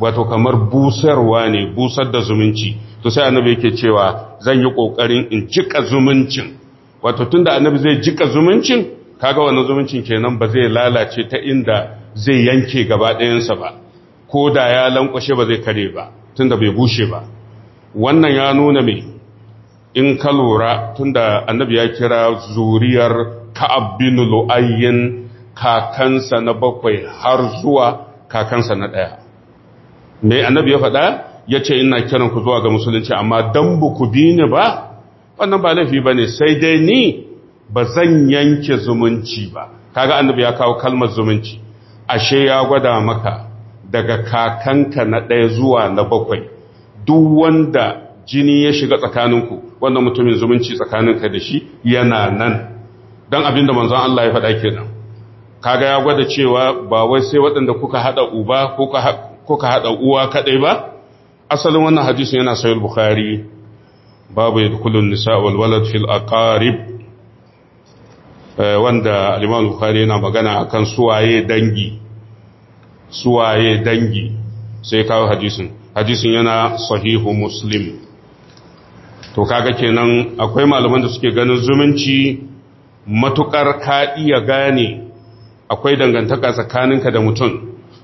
wato kamar busarwa ne busar da zumunci to sai annabi yake cewa zan yi kokarin in jika zumuncin wato tunda annabi zai jika zumuncin kaga wannan zumuncin kenan ba zai lalace ta inda zai yanke gaba ɗayansa ba ko da ya lankwashe ba zai kare ba tunda bai bushe ba wannan ya nuna mai in ka lura tunda annabi ya kira zuriyar ka'ab bin lu'ayyin kakansa na bakwai har zuwa kakansa na ɗaya mai annabi ya faɗa ya ce ina kiran ku zuwa ga musulunci amma dan ba ku bi ni ba wannan ba laifi ba ne sai dai ni ba zan yanke zumunci ba kaga annabi ya kawo kalmar zumunci ashe ya gwada maka daga kakanka na ɗaya zuwa na bakwai duk wanda jini ya shiga tsakaninku wanda mutumin zumunci tsakaninka da shi yana nan don abinda manzon Allah ya faɗa kenan kaga ya gwada cewa ba wai sai waɗanda kuka haɗa uba kuka haɗa uwa kaɗai ba asalin wannan hadisin yana sayar bukhari babu kulun nisa wal walad fil aqarib Eh, wanda aliman bukari yana magana akan suwaye dangi suwaye dangi sai kawo hadisin hadisin yana sahihu muslim to kaga kenan akwai malaman da suke ganin zumunci matukar ka iya gane akwai dangantaka tsakaninka da mutum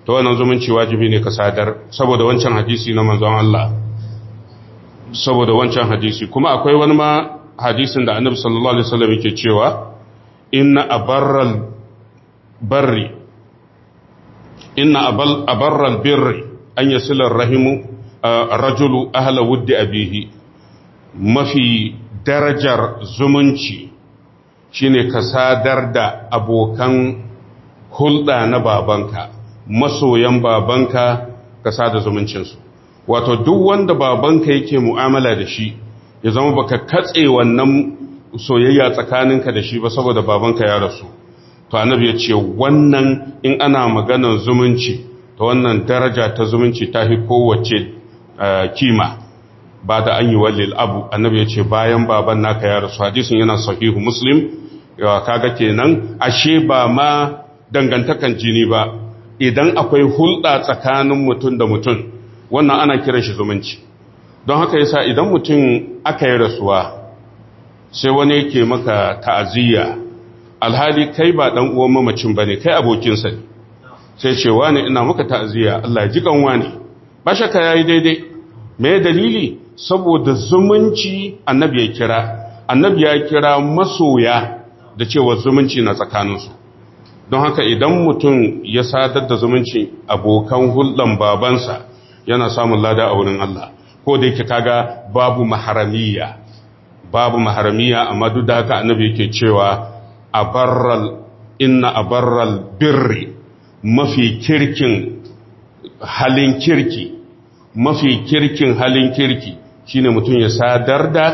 ta wannan zumunci wajibi ne ka sadar saboda wancan hadisi na manzon Allah saboda wancan hadisi kuma akwai wani ma hadisin da annabi sallallahu alaihi wasallam yake cewa inna abarral barri inna abarral birri an yasilar rahimu rajulu ahala wuddi abihi mafi darajar zumunci shine ka sadar da abokan hulɗa na babanka masoyan babanka ka sada zumuncinsu wato duk wanda babanka yake mu'amala da shi ya zama baka katse wannan soyayya tsakaninka da shi ba saboda babanka ya rasu to annabi ya ce wannan in ana maganan zumunci to wannan daraja ta zumunci ta fi kowace eh, kima ba da an yi walil abu annabi ya ce bayan baban naka ya rasu hadisin yana sahihu muslim kaga kenan ashe ba ma dangantakan jini ba idan akwai hulɗa tsakanin mutum da mutum wannan ana kiran shi zumunci don haka yasa idan mutum aka yi rasuwa sai wani yake maka ta'aziyya alhali kai ba dan uwan mamacin bane kai abokinsa ne sai ce wani ina maka ta'aziyya Allah ya ji kan wani ba shakka yayi daidai me dalili saboda zumunci annabi ya kira annabi ya kira masoya da cewa zumunci na tsakanin su don haka idan mutum ya sadar da zumunci abokan hulɗan babansa yana samun lada a wurin Allah ko da yake kaga babu maharamiya babu maharamiya amma duk da haka annabi yake cewa abarral inna barral birri mafi kirkin halin kirki mafi kirkin halin kirki shine mutum ya sadar da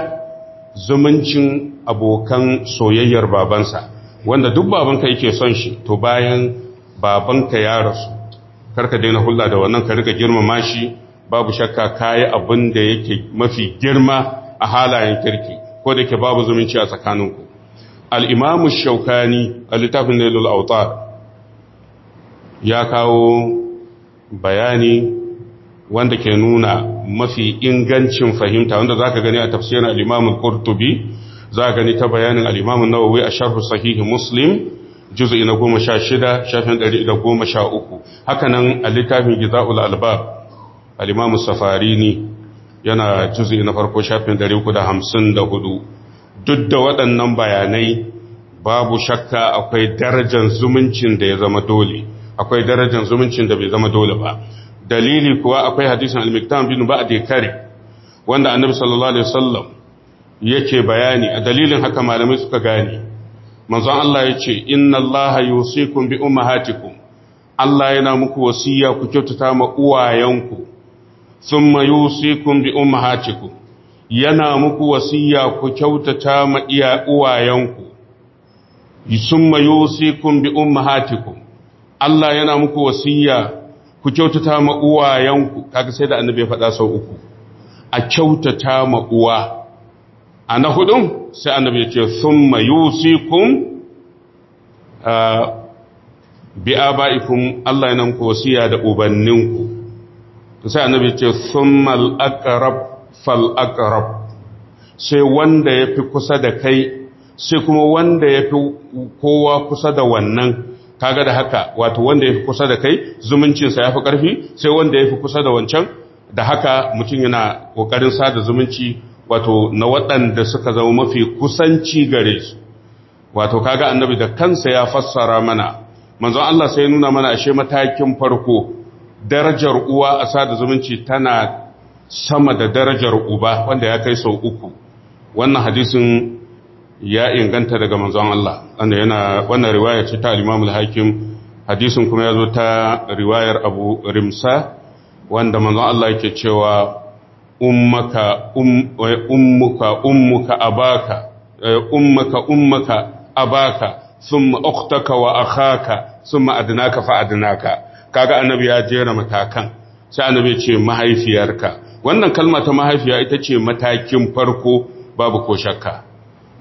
zumuncin abokan soyayyar babansa wanda duk babanka yake son shi to bayan babanka ya rasu karka daina hulla da wannan ka rika girmama shi babu shakka kayi abin da yake mafi girma a halayen kirki ko da ke babu zumunci a tsakaninku al'imamu shaukani a littafin nailul autar ya kawo bayani wanda ke nuna mafi ingancin fahimta wanda za ka gani a tafsirin al'imamun kurtubi, za ka gani ta bayanin al'imamun nawawi a sharhu sahihi muslim juz'i na goma sha shida shafin ɗari da goma sha uku hakanan a littafin giza'ul albab al'imamun safari ne yana juzi na farko shafin 354 duk da waɗannan bayanai babu shakka akwai darajar zumuncin da ya zama dole akwai darajar zumuncin da bai zama dole ba dalili kuwa akwai hadisin al-miktam bin ba'd kare wanda annabi sallallahu alaihi wasallam yake bayani a dalilin haka malamai suka gane manzon Allah yace inna allaha yusikum bi ummahatikum Allah yana muku wasiya ku kyautata ma uwayenku summa kun bi ummahatikum yana muku wasiya ku kyautata ma iya uwayenku summa yusikum bi ummahatikum Allah yana muku wasiya ku kyautata ma kaga sai da annabi ya faɗa sau uku a kyautata ma uwa a na hudun sai annabi ya ce summa yusikum ah, bi abaikum Allah yana muku wasiya da ubanninku sai annabi ce summal aqrab fal aqrab sai wanda yafi kusa da kai sai kuma wanda yafi kowa kusa da wannan kaga da haka wato wanda yafi kusa da kai zumuncin sa yafi karfi sai wanda yafi kusa da wancan da haka mutum yana kokarin sada zumunci wato na waɗanda suka zama mafi kusanci gare su wato kaga annabi da kansa ya fassara mana manzon Allah sai ya nuna mana ashe matakin farko darajar uwa a sada zumunci tana sama da darajar uba wanda ya kai sau uku wannan hadisin ya inganta daga manzon Allah yana wannan riwaya ce ta al-Imam al-Hakim hadisin kuma yazo ta riwayar Abu Rimsa wanda manzon Allah yake cewa ummaka um, eh, ummuka ummuka abaka eh, ummaka ummaka abaka thumma ukhtaka wa akhaka thumma adnaka fa adnaka kaga annabi ya jera matakan sai annabi ce mahaifiyarka wannan kalma ta mahaifiya ita ce matakin farko babu ko shakka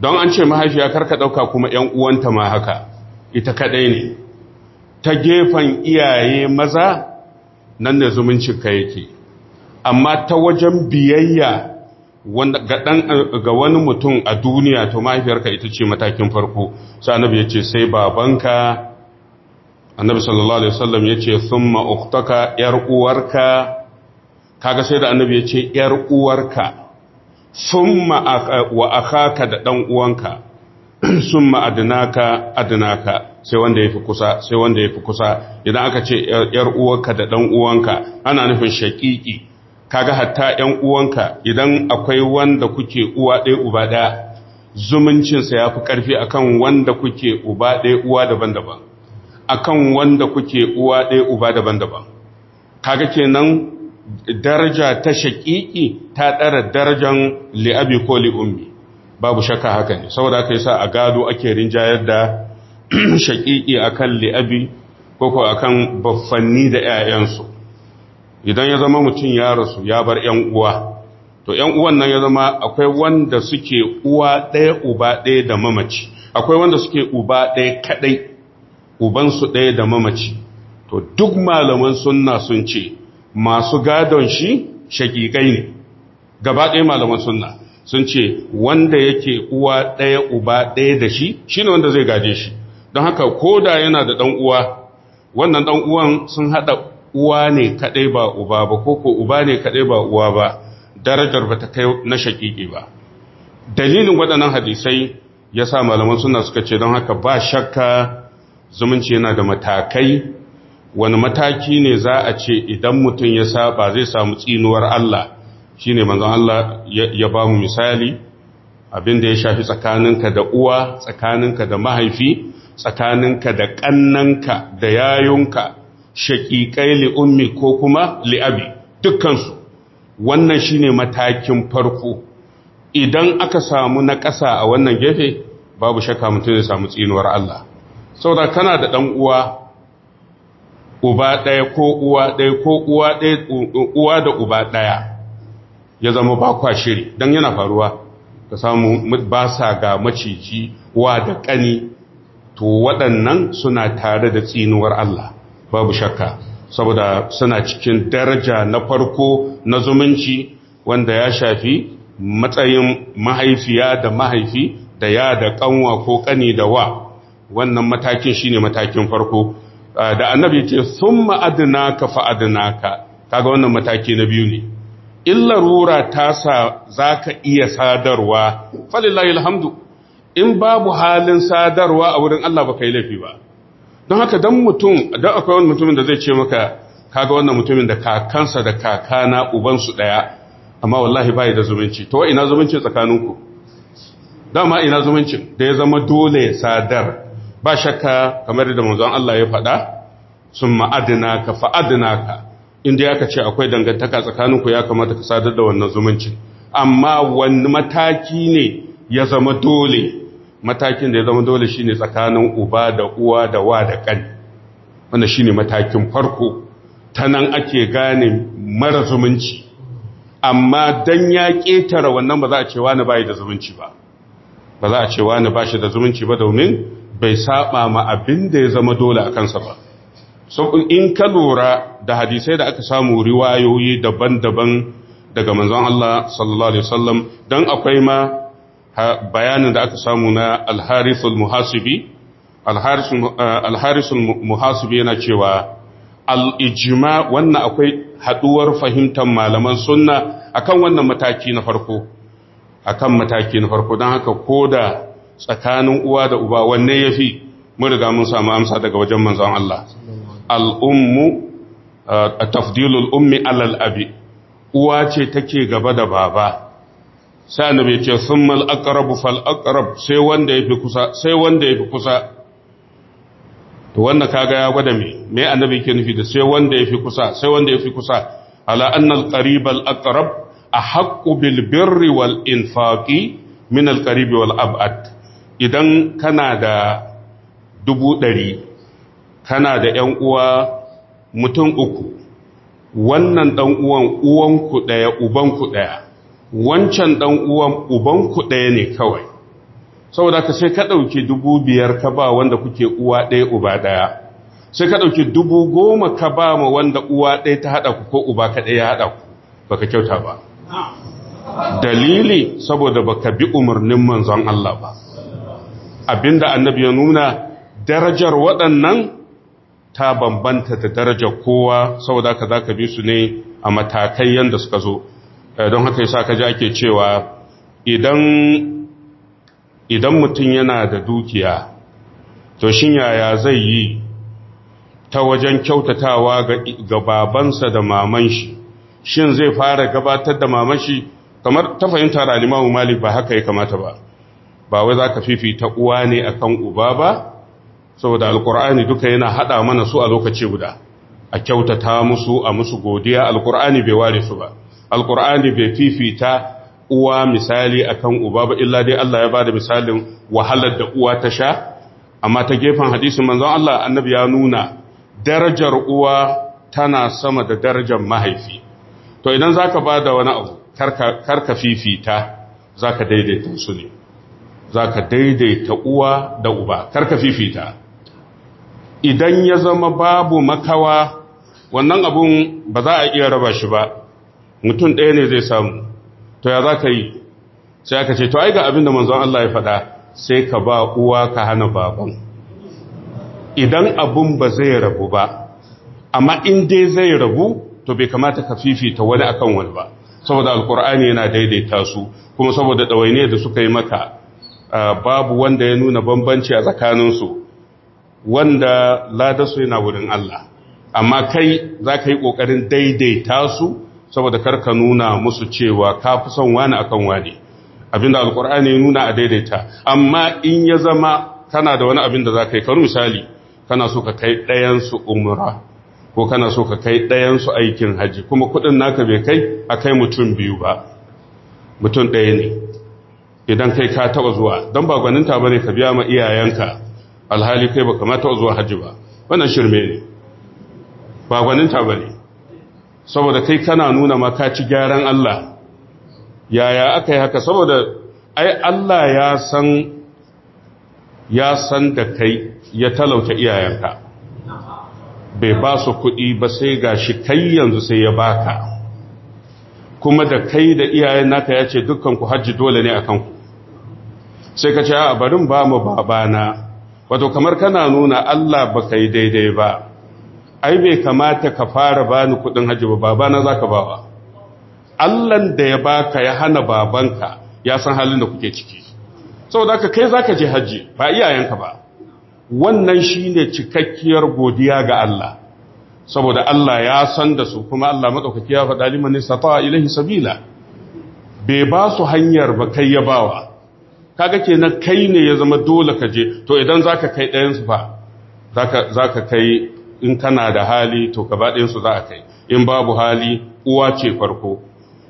don an ce mahaifiya karka dauka kuma ƴan uwanta ma haka ita kadai ne ta gefen iyaye maza nan ne zumuncin ka yake amma ta wajen biyayya ga wani mutum a duniya to mahaifiyarka ita ce matakin farko sai annabi ya ce sai babanka annabi sallallahu alaihi wasallam yace thumma uktaka yar uwarka kaga sai da annabi yace yar uwarka thumma wa akhaka da dan uwanka summa adnaka adnaka sai wanda yafi kusa sai wanda yafi kusa idan aka ce yar uwarka da dan uwanka ana nufin shaqiqi kaga hatta yan uwanka idan akwai wanda kuke uwa ɗaya uba ɗaya zumuncinsa ya fi ƙarfi akan wanda kuke uba ɗaya uwa daban-daban akan wanda kuke uwa ɗaya uba daban-daban kaga kenan daraja ta shaƙiƙi ta ɗara darajan li'abi ko li'ummi babu shakka haka ne saboda aka yi sa a gado ake rinjayar da shaƙiƙi akan li'abi ko ko akan baffanni da 'ya'yansu idan ya zama mutum ya rasu ya bar 'yan uwa to 'yan uwan nan ya zama akwai wanda suke uwa ɗaya uba ɗaya da mamaci akwai wanda suke uba ɗaya kaɗai ubansu ɗaya da mamaci to duk malaman sunna sun ce masu gadon shi shakikai ne gaba ɗaya malaman sunna sun ce wanda yake uwa ɗaya uba ɗaya da shi shi ne wanda zai gaje shi don haka ko da yana da ɗan uwa wannan ɗan uwan sun haɗa uwa ne kaɗai ba uba ba ko ko uba ne kaɗai ba uwa ba darajar ba ta kai na shakiki ba dalilin waɗannan hadisai ya sa malaman suna suka ce don haka ba shakka zumunci yana da matakai wani mataki ne za a ce idan mutum ya saba zai samu tsinuwar Allah Shi shine manzan Allah ya ba mu misali abinda ya shafi tsakaninka da uwa tsakaninka da mahaifi tsakaninka da ƙannanka da yayunka shaƙiƙai ƙai, li'ummi ko kuma li'abi. dukkansu wannan shi ne matakin farko idan aka samu na ƙasa a wannan gefe babu shakka mutum zai samu tsinuwar Allah saboda kana da ɗan uwa uba ɗaya ko uwa ɗaya ko uwa ɗaya uwa da uba ɗaya ya zama ba kwa shiri don yana faruwa ka samu ba sa ga maciji uwa da ƙani to waɗannan suna tare da tsinuwar Allah babu shakka saboda suna cikin daraja na farko na zumunci wanda ya shafi matsayin mahaifiya da mahaifi da ya da ƙanwa ko ƙani da wa wannan matakin shine matakin farko ah, da annabi yace summa adnaka fa adnaka kaga wannan mataki na biyu ne in larura ta sa zaka iya sadarwa falillahi alhamdu in babu halin sadarwa a wurin Allah ka yi laifi ba don haka dan mutum dan akwai wani mutumin da zai ce maka kaga wannan mutumin da kakansa da kakana ubansu daya amma wallahi bai da zumunci to ina zumunci tsakaninku dama ina zumuncin da ya zama dole sadar ba shakka kamar da manzon Allah ya faɗa sun ma'adina ka fa'adina ka inda aka ce akwai dangantaka tsakaninku ya kamata ka sadar da wannan zumunci amma wani mataki ne ya zama dole matakin da ya zama dole shine tsakanin uba da uwa da wa da kan wannan shine matakin farko ta nan ake gane mara zumunci amma dan ya ƙetare wannan ba za a ce wani bai da zumunci ba ba za a ce wani bashi da zumunci ba domin bai saba ma abin da ya zama dole a kansa ba sau in ka lura da hadisai da aka samu riwayoyi daban-daban daga manzon Allah sallallahu alaihi wasallam dan akwai ma bayanin da aka samu na al-harithul muhasibi al-harithul eh, muhasibi yana cewa al-ijma wannan akwai haduwar fahimtar malaman sunna akan wannan mataki na farko akan mataki na farko don haka koda tsakanin uwa da uba wanne ya fi mun mun samu amsa daga wajen manzon Allah al'ummu a uh, tafdilul ummi alal abi uwa ce take gaba da baba sa'an bai ce sun mal'akarabu fal'akarab sai wanda ya fi kusa sai wanda ya fi kusa to wanda kaga ya gwada mai mai annabi ke nufi da sai wanda ya fi kusa sai wanda ya fi kusa ala annal qarib al aqrab ahqqu bil birri wal infaqi min al qarib wal ab'ad idan kana da dubu ɗari kana da ‘yan uwa mutum uku wannan ɗan uwan uwanku ɗaya ubanku ɗaya wancan ɗan uwan ubanku ɗaya ne kawai saboda ka sai ka ɗauki dubu biyar ka ba wanda kuke uwa ɗaya uba ɗaya sai ka ɗauki dubu goma ka ba ma wanda uwa ɗaya ta haɗa ku ko uba ka ɗaya haɗa ku baka kyauta ba dalili saboda baka bi umarnin manzon Allah ba abinda annabi ya nuna darajar waɗannan ta bambanta da darajar kowa saboda ka za ka bi su ne a matakai yadda suka zo eh, don haka sa ka ji ake cewa idan mutum yana da dukiya to shi yaya zai yi ta wajen kyautatawa ga babansa da maman shi shin zai fara gabatar da maman shi kamar ta fahimta da malik ba haka ya kamata ba ba wai za ka fifita uwa ne a kan uba ba saboda alkur'ani duka yana haɗa mana su a lokaci guda a kyautata musu a musu godiya alkur'ani bai ware su ba alkur'ani bai fifita uwa misali akan uba ba illa dai Allah ya ba da misalin wahalar da uwa ta sha amma ta gefen hadisin manzon Allah annabi ya nuna darajar uwa tana sama da darajar mahaifi to idan zaka da wani abu karka karka fifita zaka daidaita su ne za ka daidaita uwa da uba karka fifita idan ya zama babu makawa wannan abun ba za a iya raba shi ba mutum ɗaya ne zai samu to ya za ka yi sai aka ce to ai ga abin da manzon Allah ya faɗa sai ka ba uwa ka hana baban idan abun ba zai rabu ba amma in dai zai rabu to bai kamata ka fifita wani akan wani ba saboda alkur'ani yana daidaita su kuma saboda ɗawainiyar da suka yi maka babu wanda ya nuna bambanci a tsakaninsu wanda Ladasu yana wurin Allah amma kai za ka yi ƙoƙarin daidaita su saboda karka nuna musu cewa ka fi son wani a kan wani abinda alkur'ani ya nuna a daidaita amma in ya zama kana da wani abinda za ka yi karu misali kana so ka kai ɗayansu umura ko kana so ka kai ɗayansu aikin haji kuma kuɗin naka bai kai a kai mutum biyu ba mutum ɗaya ne idan kai ka taba zuwa don ba ta bane ka biya ma iyayenka alhali kai ba kama taba zuwa haji ba wannan shirme ne ba ta bane saboda kai kana nuna ma ci gyaran Allah yaya aka yi haka saboda ai Allah ya san ya san da kai ya talauta iyayenka bai ba su kuɗi ba sai ga shi kai yanzu sai ya baka kuma da kai da iyayen naka ya ce dukkan ku hajji dole ne a kanku sai ka ce a barin ba mu babana wato kamar kana nuna Allah ba kai daidai ba ai bai kamata ka fara bani kudin haji ba babana zaka wa Allah da ya baka ya hana babanka ya san halin da kuke ciki saboda haka kai zaka je haji ba iyayenka ba wannan shine cikakkiyar godiya ga Allah saboda Allah ya san da su kuma Allah matsaukaki ya faɗa liman sata ilahi sabila bai ba su hanyar ba kai ya bawa kaga kenan kai ne ya zama dole ka je to idan zaka kai ɗayan su fa zaka kai in kana da hali to gaba ɗayan su za a kai in babu hali uwa ce farko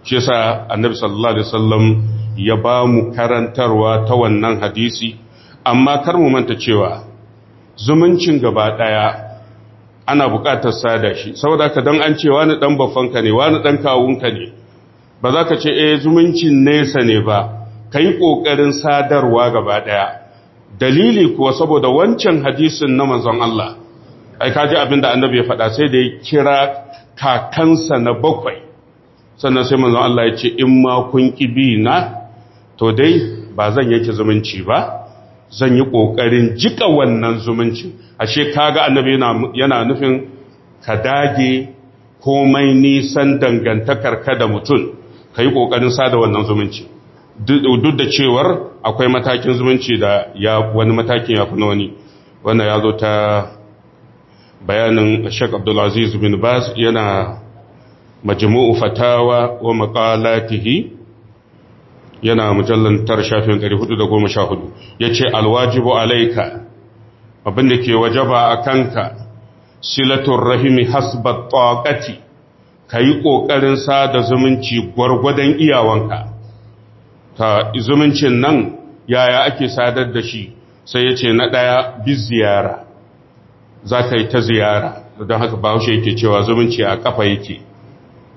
shi yasa annabi sallallahu alaihi wasallam ya ba mu karantarwa ta wannan hadisi amma kar mu manta cewa zumuncin gaba ɗaya ana buƙatar da shi saboda ka dan an ce wani dan baffanka ne wani dan kawunka ne ba za ka ce eh zumuncin nesa ne ba ka yi ƙoƙarin sadarwa gaba ɗaya dalili kuwa saboda wancan hadisin na manzon Allah ai kaji abin da annabi ya faɗa sai da ya kira kakansa na bakwai sannan sai manzon Allah ya ce in ma kun kibi na to dai ba zan yake zumunci ba zan yi ƙoƙarin jika wannan zumunci ashe kaga annabi yana nufin ka dage komai nisan dangantakar ka da mutum ka yi ƙoƙarin sada wannan zumunci duk da cewar akwai matakin zumunci da ya wani matakin ya kuna wani wannan ya zo ta bayanin Sheikh Abdulaziz bin Baz yana majmu'u fatawa wa maqalatihi yana mujallan tar shafin 414 yace alwajibu alayka abinda ke wajaba akanka silatul rahimi hasbat taqati kai kokarin sada zumunci gwargwadon iyawanka ta zumuncin nan yaya ake sadar da shi sai ya ce na ɗaya bi ziyara za ka yi ta ziyara don haka bahaushe yake cewa zumunci a ƙafa yake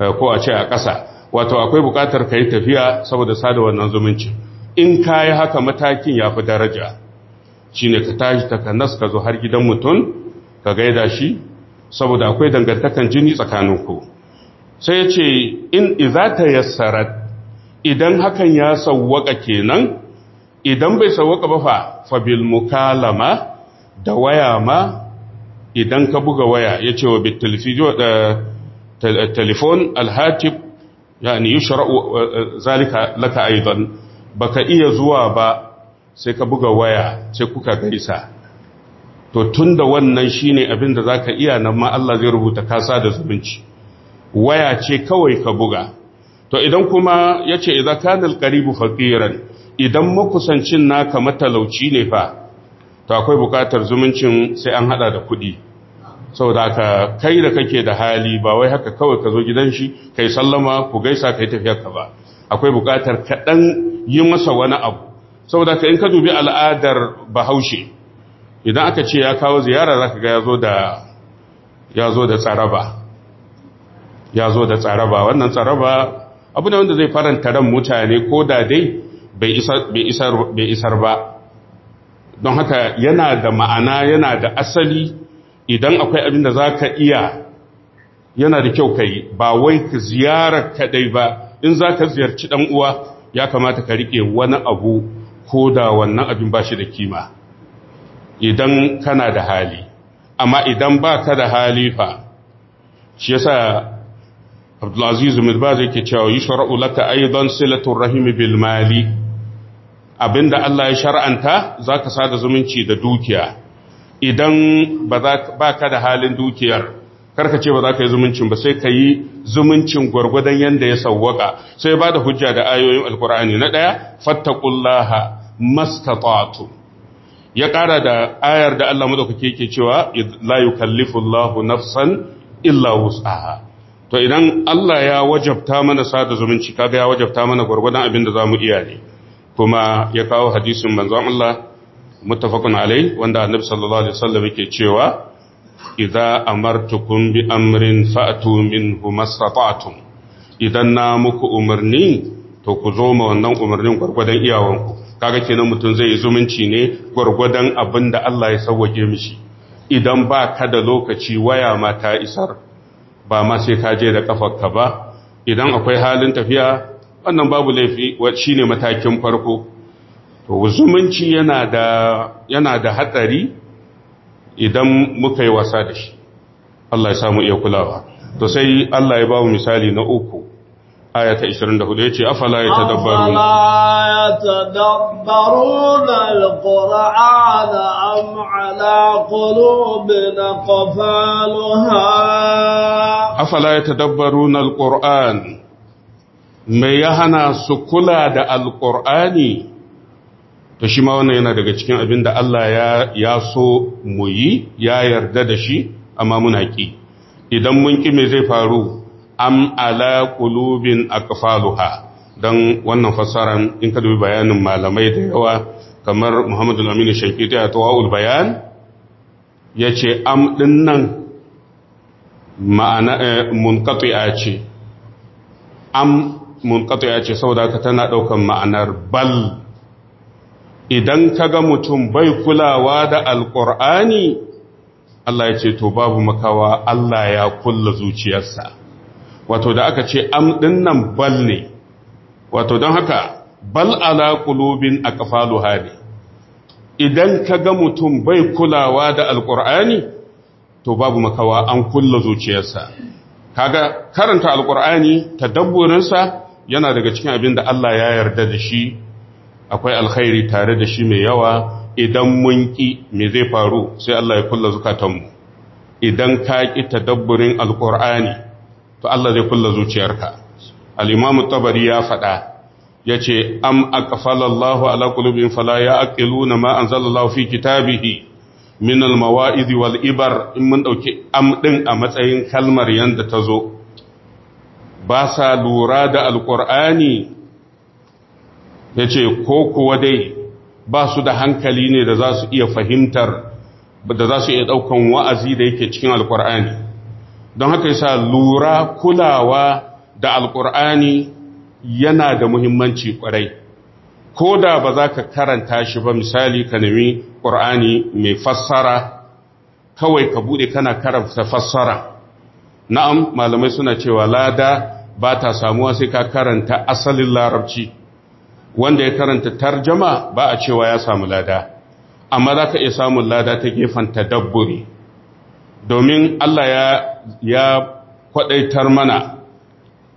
eh, ko a ce a ƙasa wato akwai buƙatar ka yi tafiya saboda sada wannan zumunci in ka yi haka matakin ya fi daraja shi ne ka tashi ta ka zo har gidan mutum ka gaida shi saboda akwai dangantakan jini tsakaninku sai ya ce in iza ta yassarat idan hakan ya sauwaka kenan idan bai sauwaka ba fa fabil mukalama da waya ma idan ka buga waya ya ce wa eh, eh, telefon alhatib yani yushra'u eh, zalika laka aidan baka iya zuwa ba sai ka buga waya sai kuka gaisa to tunda wannan shine abinda za zaka iya nan ma Allah zai rubuta kasa da zumunci waya ce kawai ka buga to idan kuma ya ce idan kanil ƙaribu faƙiran idan makusancin naka matalauci ne fa to akwai buƙatar zumuncin sai an haɗa da kuɗi da ka kai da kake da hali ba wai haka kawai ka zo gidan shi kai sallama ku gaisa ka yi ka ba akwai buƙatar kaɗan yi masa wani abu da ka in ka dubi al'adar bahaushe idan aka ce ya kawo ziyara za ka ga ya zo da tsaraba wannan tsaraba abu ne wanda zai faranta ran mutane ko da dai bai isar ba don haka yana da ma'ana yana da asali idan akwai abin da za ka iya yana da kyau ka yi ba wai ka ziyarar kaɗai ba in za ka ziyarci ɗan uwa ya kamata ka riƙe wani abu ko da wannan abin ba shi da kima idan kana da hali amma idan ba ka da hali fa shi yasa Abdulaziz bin Baz yake cewa yushra'u laka aidan silatul rahim bil mali abinda Allah ya shar'anta zaka sada zumunci da dukiya idan ba ka da halin dukiyar karka ce ba za ka yi zumuncin ba sai ka yi zumuncin gurgudan yanda ya sauwaka sai ba da hujja da ayoyin alkur'ani na ɗaya fattaqullaha mastatatu ya kara da ayar da Allah madaukake ke cewa la yukallifullahu nafsan illa wus'aha to idan Allah ya wajabta mana sada zumunci kaga ya wajabta mana gurgurdan abin da zamu iya ne kuma ya kawo hadisin manzon Allah muttafaqun alai wanda annabi sallallahu alaihi wasallam yake cewa idza amartukum bi amrin fa'tu minhu mastata'tum idan na muku umarni to ku zo ma wannan umarnin gwargwadon iyawanku kaga kenan mutum zai yi zumunci ne gurgurdan abin da Allah ya sauwake mishi idan ba ka da lokaci waya mata isar ba ma sai ka je da ka ba idan akwai halin tafiya wannan babu laifi shine matakin farko to zumunci yana da yana hatsari idan muka yi wasa da shi Allah ya samu iya kulawa to sai Allah ya ba misali na uku ayata ta 24 yace afala ya yatadabbarun afala tadabbaru alquran am ala qulubin qafaluha afala ya yatadabbarun alquran me ya hana su kula da alqurani to shi ma wannan yana daga cikin abin da Allah ya ya so mu yi ya yarda da shi amma muna ki idan mun ki me zai faru am ala kulubin akfaluha dan wannan fassaran in ka dubi bayanin malamai da yawa kamar Muhammadu Aminu Shankiti a Tawa'ul Bayan yace am din nan ma'ana eh, munqati'a ce am munqati'a ce saboda ka tana daukan ma'anar bal idan ka ga mutum bai kulawa da alqur'ani Allah ya ce to babu makawa Allah ya kulla zuciyarsa wato da aka ce am ɗin nan bal ne wato don haka bal ala a aqfalu hali idan ka ga mutum bai kulawa da Alƙur'ani, to babu makawa an kulla zuciyarsa kaga karanta alqur'ani ta sa yana daga cikin abin da Allah ya yarda da shi akwai alkhairi tare da shi mai yawa idan mun ki me zai faru sai Allah ya kulla zukatanmu idan ka ki tadabburin alqur'ani to Allah zai kulla zuciyarka al-imam tabari ya faɗa yace am aqfala Allahu ala qulubin fala ya'qiluna ma anzalallahu fi kitabihi min al-mawa'id wal ibar in mun dauki am din a matsayin kalmar yanda tazo ba sa lura da alqur'ani yace ko kuwa dai ba su da hankali ne da za su iya fahimtar da za su iya daukan wa'azi da yake cikin alqur'ani don haka yasa lura kulawa da alkur'ani yana da muhimmanci kwarai ko da ba za ka karanta shi ba misali ka nemi ƙur'ani mai fassara kawai ka bude kana karanta fassara na'am malamai suna cewa lada ba ta samuwa sai ka karanta asalin larabci wanda ya karanta tarjama ba a cewa ya samu lada amma za ka iya samun lada ta gefen tadabburi domin Allah ya kwadaitar mana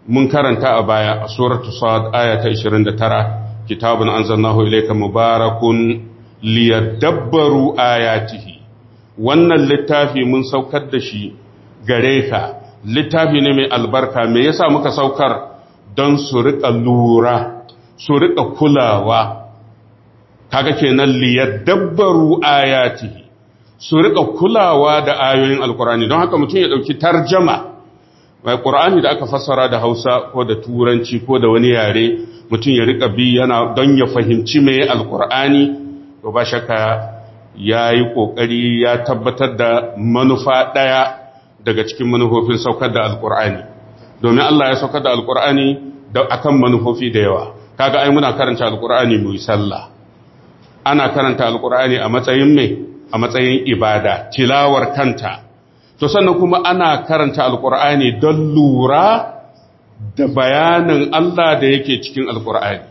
mun karanta a baya a suratu sa'ad aya ta 29 kitabun anzalnahu ilayka mubarakun liyadabbaru ayatihi wannan littafi mun saukar da shi gare ka littafi ne mai albarka me yasa muka saukar don su rika lura su rika kulawa kaga kenan liyadabbaru ayatihi su riƙa kulawa da ayoyin alkur'ani don haka mutum ya ɗauki tarjama mai ƙur'ani da aka fassara da Hausa ko da Turanci ko da wani yare mutum ya riƙa bi yana don ya fahimci mai alkur'ani ko ba ya yi ƙoƙari ya tabbatar da manufa ɗaya daga cikin manufofin saukar da alkur'ani domin Allah ya saukar da alkur'ani da akan manufofi da yawa kaga ai muna karanta alkur'ani mu yi sallah ana karanta alkur'ani a matsayin mai a matsayin ibada tilawar kanta to sannan kuma ana karanta alkur'ani don lura da bayanan Allah da yake cikin alkur'ani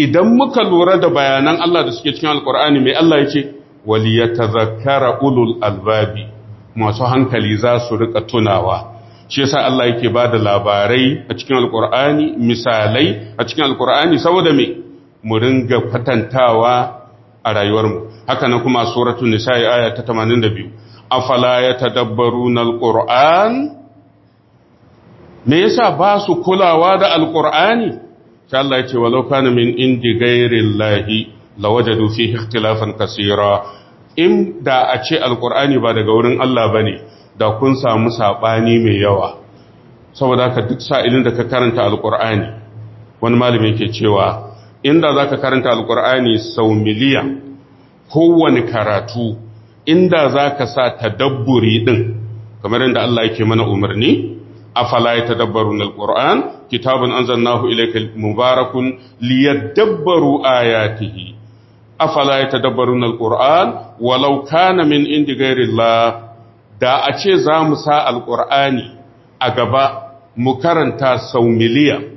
idan muka lura da bayanan Allah da suke cikin alkur'ani mai Allah yake waliyatazakkara ulul albabi masu hankali za su rika tunawa shi yasa Allah yake ba da labarai a cikin alkur'ani misalai a cikin alkur'ani saboda me mu ringa kwatantawa a rayuwar mu haka na kuma suratun nisa aya ta 82 afala yatadabbaruna alquran me yasa ba su kulawa da alqurani sai Allah ya ce walau kana min indi ghairillahi lawajadu fihi ikhtilafan kaseera in da a ce alqurani ba daga wurin Allah ba ne, da kun samu saɓani mai yawa saboda haka duk sa'ilin da ka karanta alqurani wani malami yake cewa inda za ka karanta alkur'ani sau miliya kowane karatu inda za ka sa tadabburi ɗin kamar yadda Allah yake mana umarni a falaye tadabbaru na alkur'an kitabun an zannahu ilaika mubarakun liyadabbaru ayatihi a ya tadabbaru na alkur'an walau kana min indi la da a ce za mu sa alkur'ani a gaba mu karanta sau miliya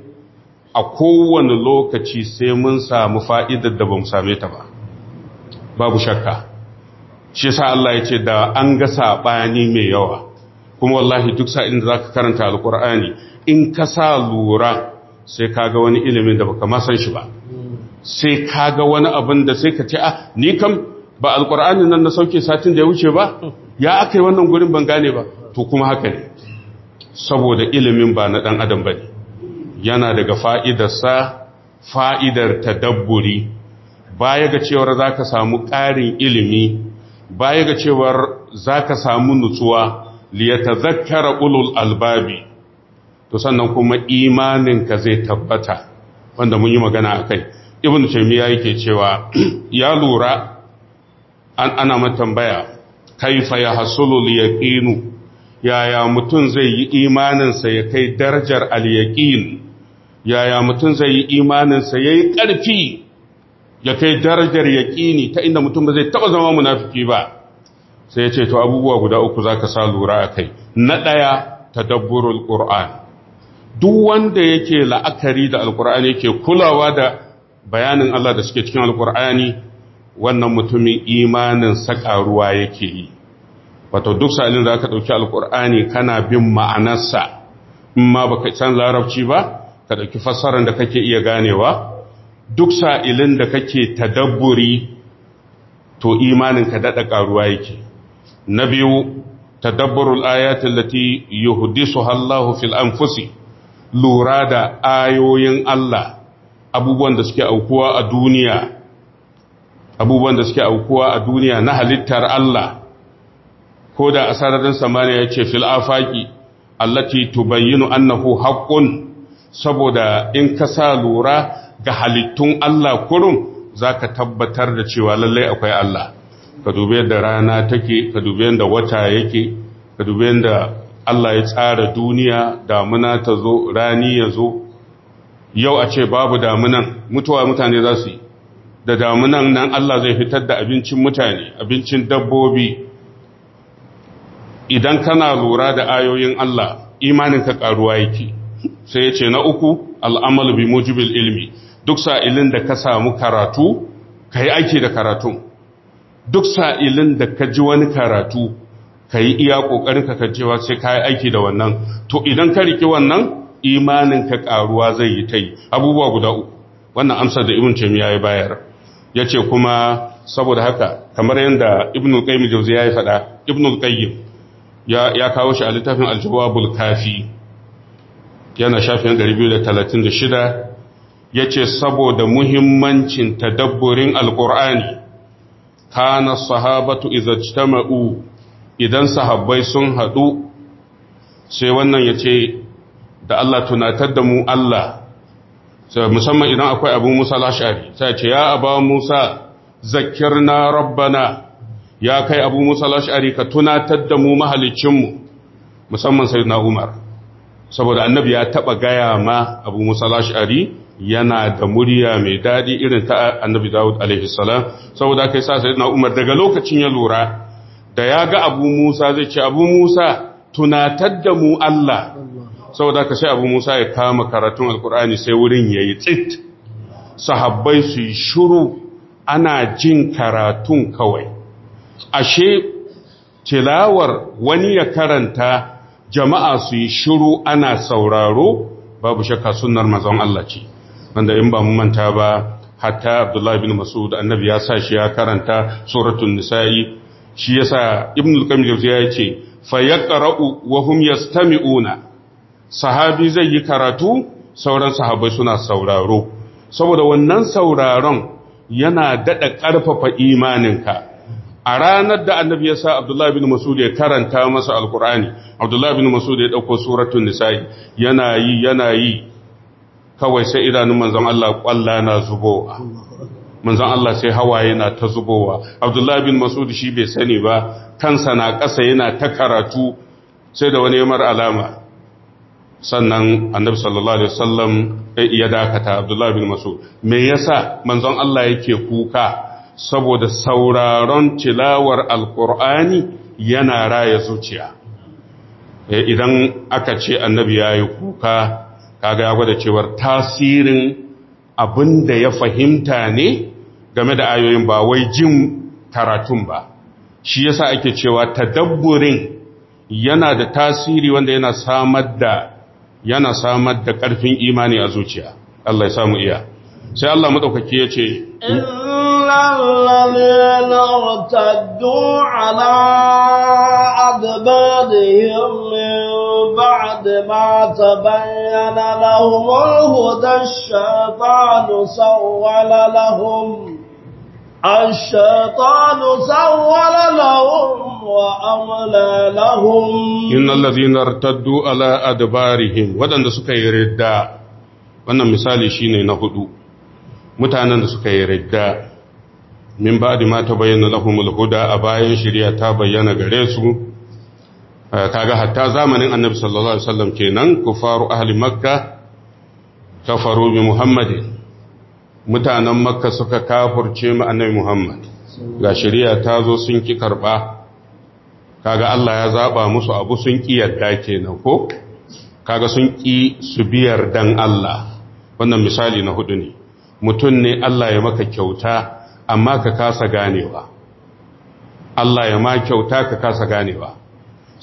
a kowane lokaci sai mun samu fa'idar da ba mu same ta ba babu shakka shi sa Allah ya ce da an ga saɓani mai yawa kuma wallahi duk sa'in da za ka karanta alƙur'ani in ka sa lura sai ka ga wani ilimin da baka masan shi ba sai ka ga wani abin da sai ka ce ah ni kam ba alƙur'ani nan na sauke satin da ya wuce ba ya aka yi wannan gurin ban gane ba to kuma haka ne saboda ilimin ba na ɗan adam ba ne yana daga fa'idarsa fa'idar tadabburi baya ga cewar za ka samu ƙarin ilimi baya ga cewar za ka samu nutsuwa liyata zakkara ulul albabi to sannan kuma imaninka zai tabbata wanda mun yi magana a kai ibn ya yake cewa ya lura an ana matambaya kaifa ya hasulul yaqinu yaya mutum zai yi imaninsa ya kai darajar al yaya mutum zai yi imaninsa ya yi ƙarfi ya kai darajar yaƙini ta inda mutum ba zai taɓa zama munafiki ba sai ya ce to abubuwa guda uku za ka sa lura a kai na ɗaya ta dabburul ƙur'an duk wanda yake la'akari da alƙur'an yake kulawa da bayanin Allah da suke cikin alƙur'ani wannan mutumin imanin saƙaruwa yake yi wato duk sa'ilin da aka ɗauki alƙur'ani kana bin ma'anarsa in ma baka san larabci ba ka ɗauki fassarar da kake iya ganewa duk sa'ilin da kake tadabburi to imanin ka daɗa ƙaruwa yake na biyu tadabburul ayatul lati yuhdisuha Allahu fil anfusi lura da ayoyin Allah abubuwan da suke aukuwa a duniya abubuwan da suke aukuwa a duniya na halittar Allah ko da a sararin samaniya ya ce fil afaki allati tubayyinu annahu haqqun saboda in ka sa lura ga halittun Allah kurum za ka tabbatar da cewa lallai akwai Allah ka dubi yadda rana take ka dubi yadda wata yake ka dubi yadda Allah ya tsara duniya damuna ta zo rani ya zo yau a ce babu damunan mutuwa mutane za su yi da damunan nan Allah zai fitar da abincin mutane abincin dabbobi idan kana lura da ayoyin Allah imaninka karuwa yake sai ya ce na uku al'amalu bi mujibil ilmi duk sa'ilin da ka samu karatu ka yi aiki da karatun duk sa'ilin da ka ji wani karatu ka yi iya ƙoƙarin ka kajewa sai ka yi aiki da wannan to idan ka riƙi wannan imanin ka ƙaruwa zai yi ta yi abubuwa guda uku wannan amsar da ibn cemiya ya bayar ya ce kuma saboda haka kamar yadda ibn qayyim jauzi ya yi faɗa ibn qayyim ya kawo shi a littafin aljawabul kafi yana shafin 236 ce saboda muhimmancin tadabburin alqur'ani kana sahabatu idza ijtama'u idan sahabbai sun haɗu sai wannan ya ce da Allah tunatar da mu Allah musamman idan akwai abu Musa lashari sai ce ya aba Musa zakkirna rabbana ya kai abu Musa lashari ka tunatar da mu mahalicinmu musamman sai na Umar saboda annabi ya taba gaya ma abu musa lashari yana da murya mai daɗi irin ta annabi dawud alaihissalam saboda kai sa sai na umar daga lokacin ya lura da ya ga abu musa zai ce abu musa tunatar da mu allah saboda ka sai abu musa ya kama karatun alkur'ani sai wurin ya yi tsit sahabbai su yi shuru ana jin karatun kawai ashe tilawar wani ya karanta jama'a su yi shiru ana sauraro babu shakka sunnar manzon Allah ce wanda in ba mu manta ba hatta Abdullah bin Mas'ud annabi ya sa shi ya karanta suratul nisa'i shi yasa ibn al-qayyim ya yace fa yaqra'u wa hum yastami'una sahabi zai yi karatu sauran sahabai suna sauraro saboda wannan sauraron yana daɗa ƙarfafa imaninka a ranar da annabi ya sa Abdullahi bin Masud ya karanta masa alkur'ani Abdullahi bin Masud ya ɗauko suratun nisa'i yana yi yana yi kawai sai idanun manzon Allah kwalla na zubo manzon Allah sai hawaye na ta zubowa Abdullahi bin Masud shi bai sani ba kansa na ƙasa yana ta karatu sai da wani mar alama sannan annabi sallallahu alaihi wasallam ya dakata Abdullahi bin Masud me yasa manzon Allah yake kuka saboda sauraron tilawar alkur'ani yana raya zuciya eh, idan aka ce annabi ya yi kuka kaga ya gwada cewar tasirin abin da ya fahimta ne game da ayoyin ba wai jin karatun ba shi yasa ake cewa tadabburin yana da tasiri wanda yana samar da yana samar da ƙarfin imani a zuciya Allah ya samu iya sai Allah madaukaki ya ce إلا الذين ارتدوا على أدبارهم من بعد ما تبين لهم الهدى الشيطان سول لهم الشيطان سول لهم وأملى لهم إن الذين ارتدوا على أدبارهم ودن سكي ردا wannan misali shine na hudu mutanen da suka yi ridda min ba'di ma bayyana lahumul huda a bayan shari'a ta bayyana gare su eh, kaga hatta zamanin annabi sallallahu alaihi wasallam kenan kufaru ahli makka kafaru bi muhammadin mutanen makka suka kafurce mu annabi muhammad ga shari'a ta zo sun ki karba kaga Allah ya zaba musu abu sun ki yarda kenan ko kaga sun ki su biyar dan Allah wannan misali na hudu ne mutum ne Allah ya maka kyauta amma ka kasa ganewa Allah ya ma kyauta ka kasa ganewa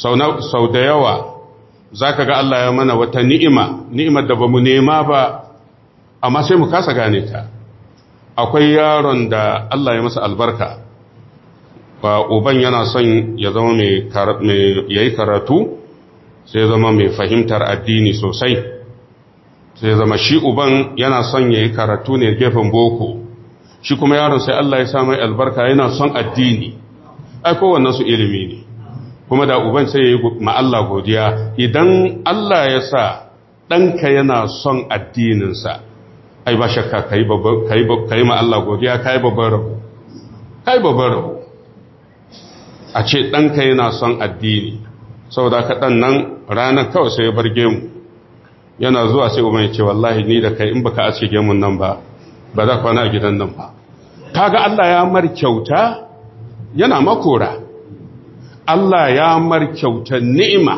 sau da yawa za ka ga Allah ya mana wata ni'ima ni'imar da ba mu nema ba amma sai mu kasa gane ta akwai yaron da Allah ya masa albarka ba uban yana son ya zama mai yayi karatu sai zama mai fahimtar addini sosai sai zama shi uban yana son ya yi karatu ne gefen boko shi kuma yaron sai Allah ya sa albarka yana son addini ai kowannen su ilimi ne kuma da uban sai yayi ma Allah godiya idan Allah ya sa danka yana son addininsa ai ba shakka kai babban kai kai ma Allah godiya kai babban rabo kai babban rabo a ce danka yana son addini saboda ka dan nan ranar kawai sai ya bar gemu yana zuwa sai uban ya ce wallahi ni da kai in baka aske gemun nan ba ba za kwana a gidan nan ba kaga Allah ya mar kyauta yana makora Allah ya mar kyauta ni'ima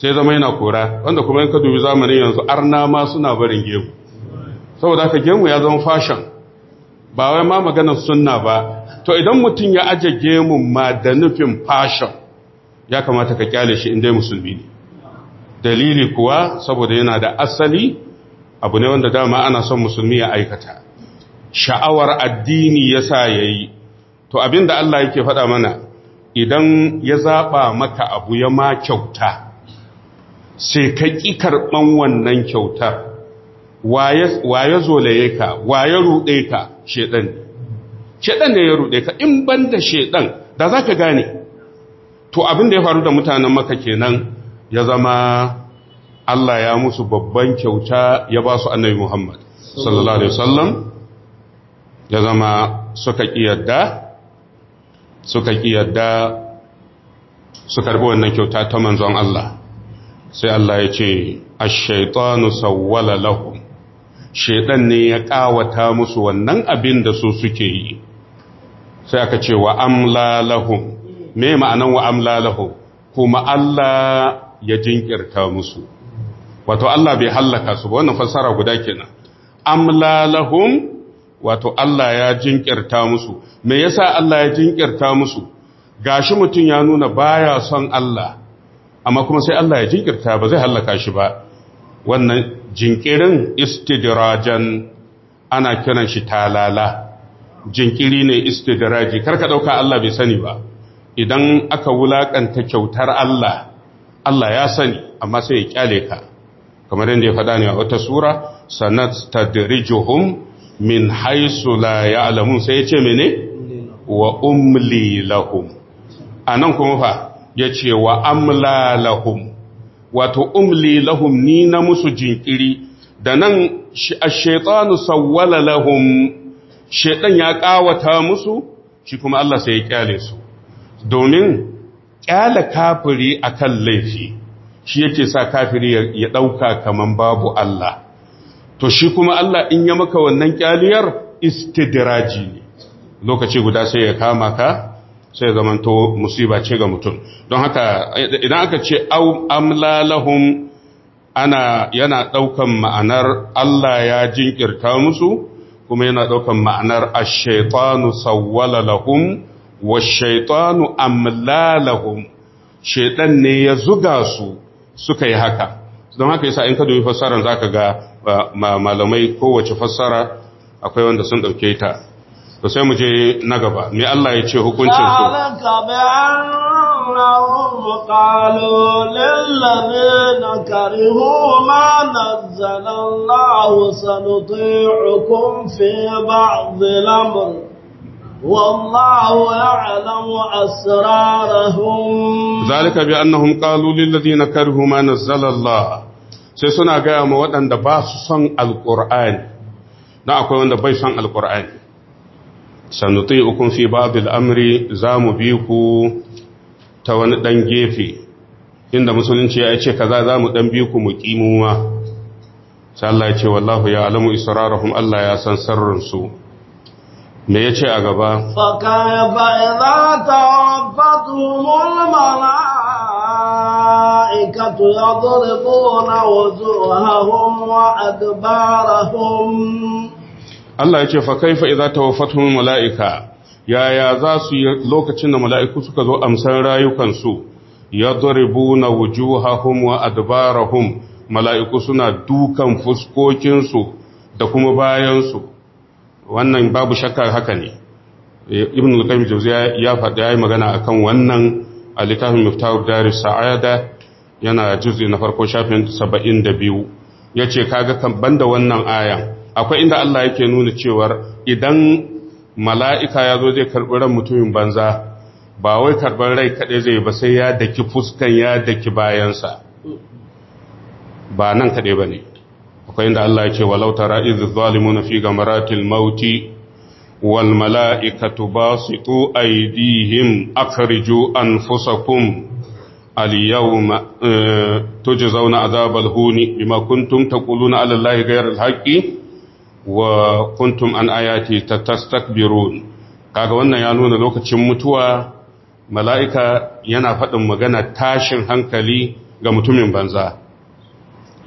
sai zama yana kora wanda kuma in ka dubi zamanin yanzu arna ma suna barin gemu saboda haka gemu ya zama fashion ba wai ma maganar sunna ba to idan mutum ya aje gemun ma da nufin fashion ya kamata ka kyale shi inda musulmi ne dalili kuwa saboda yana da asali abu ne wanda dama ana son musulmi ya aikata sha'awar addini ya sa ya yi to abinda Allah yake faɗa mana idan ya zaɓa maka abu ya ma kyauta sai ka ƙi karɓan wannan kyautar wa ya zolaye ka wa ya ruɗe ka shaɗan ne ne ya ruɗe ka in ban da shaɗan da za ka gane to abinda ya faru da mutanen maka kenan ya zama Allah ya musu babban kyauta ya ba su annabi Muhammad sallallahu alaihi wasallam ya zama suka kiyarda suka kiyarda su karbi wannan kyauta ta manzon Allah sai Allah ya ce ash-shaytanu sawwala lahum shaytan ne ya kawata musu wannan abin da su suke yi sai aka ce wa amla lahum me ma'anan wa amla lahum kuma Allah ya jinkirta musu wato Allah bai hallaka su ba wannan fassara guda kenan amla wato Allah ya jinkirta musu me yasa Allah ya jinkirta musu gashi mutum ya nuna baya son Allah amma kuma sai Allah ya jinkirta ba zai hallaka shi ba wannan jinkirin istidrajan ana kiran shi talala jinkiri ne istidraji ka dauka Allah bai sani ba idan aka wulakanta kyautar Allah Allah ya sani amma sai ya kyale ka kamar yadda ya faɗa ne a wata sura sanat tadrijuhum min haisu la ya'lamun sai yace mene wa umli lahum anan kuma fa yace wa amla lahum wato umli lahum ni na musu jinkiri da nan ash-shaytanu sawwala lahum shaytan ya kawata musu shi kuma Allah sai ya kyale su domin kyala kafiri akan laifi shi yake sa kafiri ya ɗauka kamar babu Allah to shi kuma Allah in ya maka wannan kyaliyar istidiraji ne lokaci guda sai ya kama ka sai zamanto musiba ce ga mutum don haka idan aka ce amlalahum ana yana ɗaukan ma'anar Allah ya jinkirta musu kuma yana ɗaukan ma'anar ash-shaytanu sawwala lahum wash-shaytanu amlalahum shaytan ne ya zuga su suka yi haka don haka yasa in ka dubi fassarar zaka ga malamai kowace fassara akwai wanda sun dauke ta to sai mu je na gaba me Allah ya ce hukuncin su أنهم karihu والله يعلم أسرارهم ذلك بأنهم قالوا للذين كرهوا ما نزل الله sai suna gaya ma waɗanda ba su son alƙur'ani don akwai wanda bai son alƙur'ani sanutai ukun fi ba amri za mu bi ku ta wani ɗan gefe inda musulunci ya ce kaza za mu ɗan bi ku mu ƙimuwa sai Allah ya ce wallahu ya alamu israrahum Allah ya san sarrinsu me ya ce a gaba Allah ya ce kaifa idza tawaffatuhum malaika yaya za su lokacin da mala'iku suka zo amsan rayukansu ya yadribuna na wujuhahum wa adbarahum mala'iku suna dukan fuskokinsu da kuma bayansu wannan babu shakka haka ne eh, ibn al-qayyim jawziya ya faɗa yayi magana akan wannan a littafin miftahu darus sa'ada yana juzu na farko shafin 72 yace kaga kan banda wannan ayan akwai inda Allah yake nuna cewar idan mala'ika ya zo zai karbi ran mutumin banza ba wai karban rai kaɗai zai ba sai ya daki fuskan ya daki bayansa ba nan kaɗai ba akwai inda Allah ya ce walau tara iz na fi gamaratil mauti wal mala'ikatu basitu aydihim akhriju anfusakum al yawma eh, tujzauna azabal huni bima kuntum ta ala na ghayra al haqqi wa kuntum an ayati tatastakbirun kaga wannan ya nuna lokacin mutuwa mala'ika yana faɗin magana tashin hankali ga mutumin banza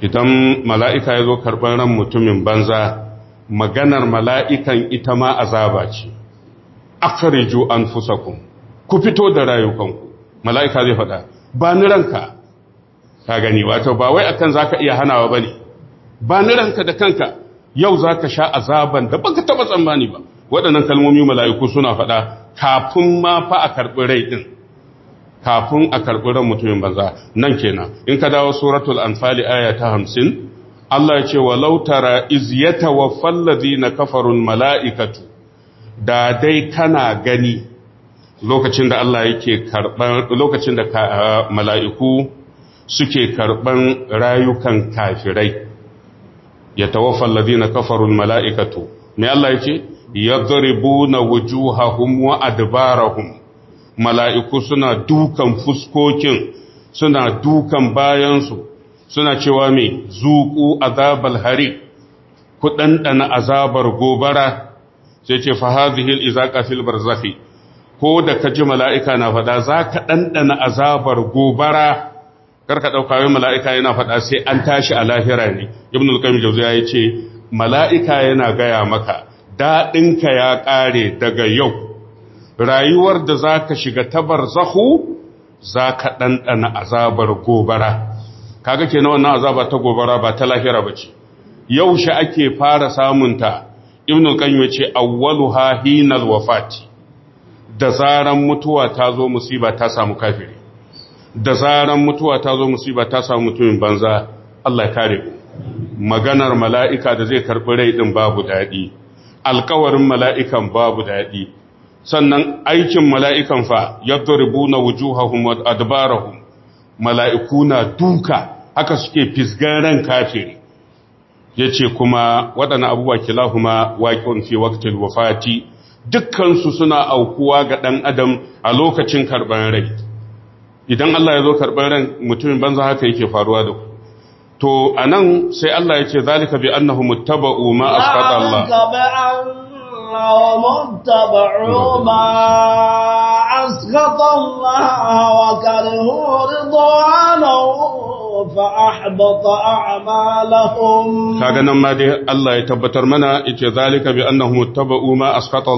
idan mala'ika ya zo karɓar ran mutumin banza maganar mala'ikan ita ma azaba ce an fusaku. ku fito da rayukanku mala'ika zai faɗa ba ni ranka ka gani wato ba wai akan ka iya hanawa ne. ba ni ranka da kanka yau za ka sha azaban da baka taba tsammani ba waɗannan kalmomi mala'iku suna faɗa kafin ma fa a karɓi rai ɗin. kafin a karɓi ran mutumin banza nan kenan in ka dawo suratul anfali aya ta hamsin Allah ya ce walau tara iz yatawaffal ladina kafarun mala'ikatu da dai kana gani lokacin da Allah yake karban lokacin da mala'iku suke karban rayukan kafirai yatawaffal ladina kafarun mala'ikatu me Allah ya ce yadribuna wujuhahum wa adbarahum mala'iku suna dukan fuskokin suna dukan bayansu suna cewa mai zuƙu zabar hari ku ɗanɗana azabar gobara sai ce fahazihil izaƙa fil zafi? ko da ka ji mala'ika na faɗa za ka ɗanɗana azabar gobara karka ɗaukawai mala'ika yana faɗa sai an tashi a lahira ne ibn al-qaim jauzu ya ce mala'ika yana gaya maka daɗinka ya ƙare daga yau rayuwar da za ka shiga tabar zahu za ka ɗanɗana azabar gobara kaga ke nawa na azaba ta gobara ba ta lahira ba ce shi ake fara samunta ibn al-qayyim yace awwaluha hinal wafati da zaran mutuwa ta zo musiba ta samu kafiri da zaran mutuwa ta zo musiba ta samu mutumin banza Allah kare maganar mala'ika da zai karbi rai ɗin babu daɗi alkawarin mala'ikan babu daɗi sannan aikin mala'ikan fa yadribuna wujuhahum wa adbarahum mala'iku na duka haka suke fisgan ran Ya ce kuma waɗanda abubuwa kilahuma waƙon fi waqtil wafati dukkansu suna aukuwa ga ɗan adam a lokacin karɓar rai idan Allah ya zo karɓar rai mutumin banza haka yake faruwa da ku to a nan sai Allah ya ce zalika bi annahu muttaba'u ma asqata Allah قوم اتبعوا ما أسخط الله رضوانه فأحبط أعمالهم nan ma dai Allah ya tabbatar mana yace zalika bi annahum ittaba'u ma asqata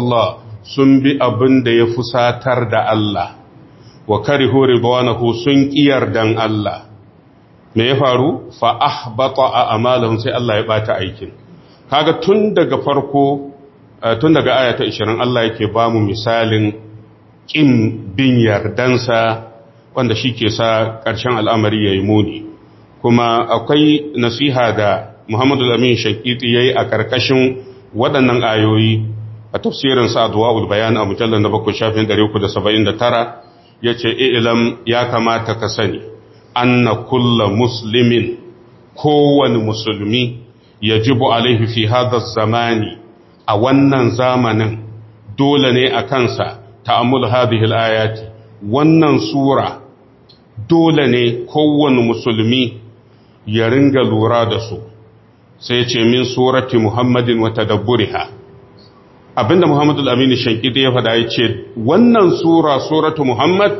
sun bi abin da ya fusatar da Allah wa karihu sun ƙiyar dan Allah me ya faru fa ahbata a'malahum sai Allah ya bata aikin kaga tun daga farko Eh, tun daga aya ta 20 Allah yake ba mu misalin ƙin bin yardansa wanda shi ke sa ƙarshen al'amari ya yi muni kuma akwai nasiha da muhammadu amin shakiti ya yi a ƙarƙashin waɗannan ayoyi a tafsirin sa'aduwa ulbayan a mujallar na bakwai shafin 379 ya ce ilam ya kamata ka sani anna kulla muslimin kowane musulmi ya jibu alaihi fi hada zamani a wannan zamanin dole ne a kansa ta'ammul hadihil ayati wannan sura dole ne kowane musulmi ya ringa lura da su sai ce min surati muhammadin dabburi ha. abinda muhammadu al shankidi ya faɗa ya ce wannan sura suratu muhammad